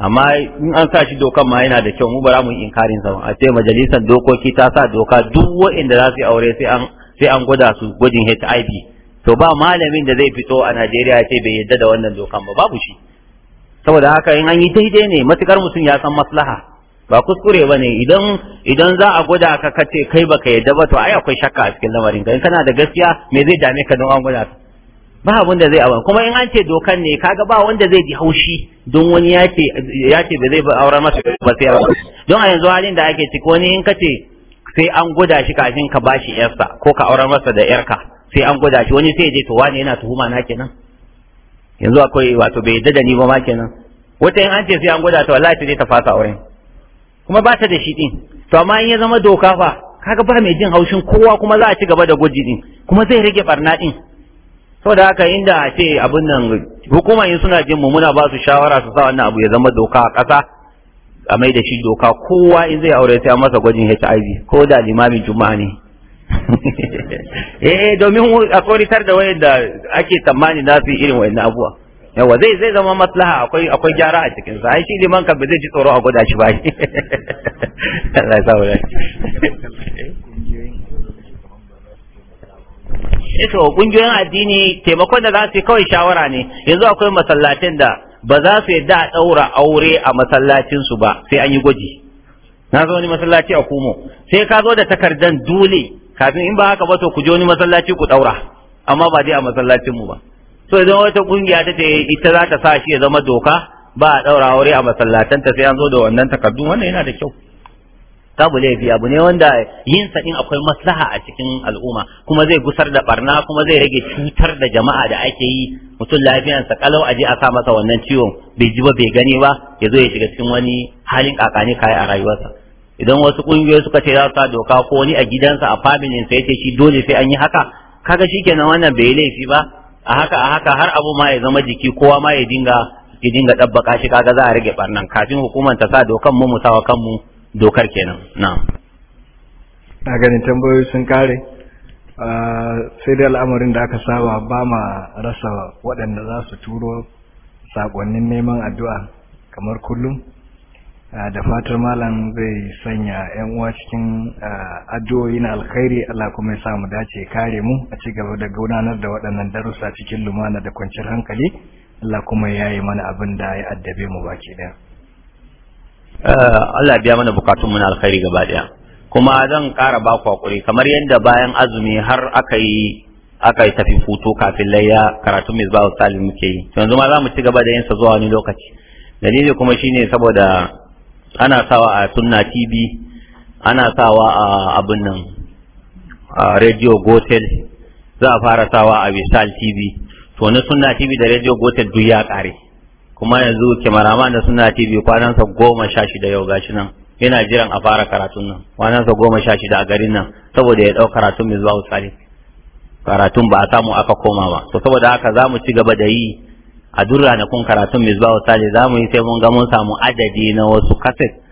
amma in an sa shi dokan ma yana da kyau mu bara za mu yi inkarin sa a ce majalisar dokoki ta sa doka duk wa'inda za su yi aure sai an sai an gwada su gwajin HIV to ba malamin da zai fito a Najeriya ya ce bai yadda da wannan dokan ba babu shi saboda haka in an yi daidai ne matukar mutum ya san maslaha ba kuskure ba ne idan idan za a gwada ka kace kai baka yadda ba to ai akwai shakka a cikin lamarin ka in kana da gaskiya me zai dame ka don an gwada ka ba abin da zai abu kuma in an ce dokan ne kaga ba wanda zai ji haushi don wani ya ce ya ce ba zai aurar masa ba sai don a yanzu halin da ake ciki wani in kace sai an gwada shi kafin ka bashi yarsa ko ka aurar masa da yarka sai an gwada shi wani sai ya je to wane yana tuhuma na kenan yanzu akwai wato bai yadda da ni ba ma kenan wata yin an ce sai an gwada ta wallahi sai ta fasa auren kuma ba ta da shi din to amma in ya zama doka fa kaga ba mai jin haushin kowa kuma za a ci gaba da gwaji din kuma zai rage barna din saboda haka inda a ce abin nan hukuma in suna jin mu muna ba su shawara su sa wannan abu ya zama doka a ƙasa a mai da shi doka kowa in zai aure sai an masa gwajin HIV ko da limamin juma'a ne eh domin a tar da wayan da ake tamani na su irin wayan abuwa yawa zai zai zama maslaha akwai akwai gyara a cikin sa ai shi liman ka zai ji tsoro a gwada shi ba Allah ya sa wani Ito eh, kungiyoyin addini taimakon da za su yi kawai shawara ne yanzu akwai masallacin da ba za su yadda a ɗaura aure a masallacinsu ba sai an yi gwaji na zo wani masallaci a kumo sai ka zo da takardan dole kafin in ba haka ba to ku je wani masallaci ku daura amma ba dai a masallacin mu ba to idan wata kungiya ta ce ita za ta sa shi ya zama doka ba a daura aure a masallatan ta sai an zo da wannan takardu wannan yana da kyau babu laifi abu ne wanda yin sa din akwai maslaha a cikin al'umma kuma zai gusar da barna kuma zai rage cutar da jama'a da ake yi mutum lafiyansa kalau aje a sa masa wannan ciwon bai ji ba bai gani ba ya zo ya shiga cikin wani halin kakani kai a rayuwarsa idan wasu kungiyoyi suka ce za su doka ko wani a gidansa a familin sai ce shi dole sai an yi haka kaga shi shikenan wannan bai laifi ba a haka a haka har abu ma ya zama jiki kowa ma ya dinga ya dinga dabbaka shi kaga za a rage barnan kafin hukumar ta sa dokan mu mu kanmu dokar kenan na'am na ganin tambayoyi sun kare ah, sai dai al'amarin da aka saba ba ma rasa waɗanda za su turo saƙonnin neman addu'a kamar kullum Ah, da fatar malam zai sanya yan uwa cikin ah, addu'o'i na alkhairi Allah kuma ya mu dace kare mu a ci gaba da gudanar da waɗannan darussa cikin lumana da kwanciyar hankali Allah kuma ya yi mana abin da ya addabe mu baki ɗaya. Ah, Allah biya mana bukatun mu na alkhairi gaba ɗaya kuma zan ƙara ba ku hakuri kamar yadda bayan azumi har aka yi aka yi tafi hutu kafin layya karatu misbahu salim muke yi yanzu ma za mu ci gaba da yin sa zuwa wani lokaci dalili kuma shine saboda ana sawa a sunna tv ana sawa a abin nan a radio gotel za a fara sawa a visal tv to na sunna tv da radio gotel duk ya kare kuma yanzu kimarama na sunna tv kwanansa goma sha shida yau gashi nan yana jiran a fara karatun nan kwanansa goma sha shida a garin nan saboda ya dauka karatun mai zuwa karatun ba a samu aka koma ba to saboda haka za mu ci gaba da yi a duk ranakun karatun misbahu sale za mu yi sai mun ga mun samu adadi na wasu kaset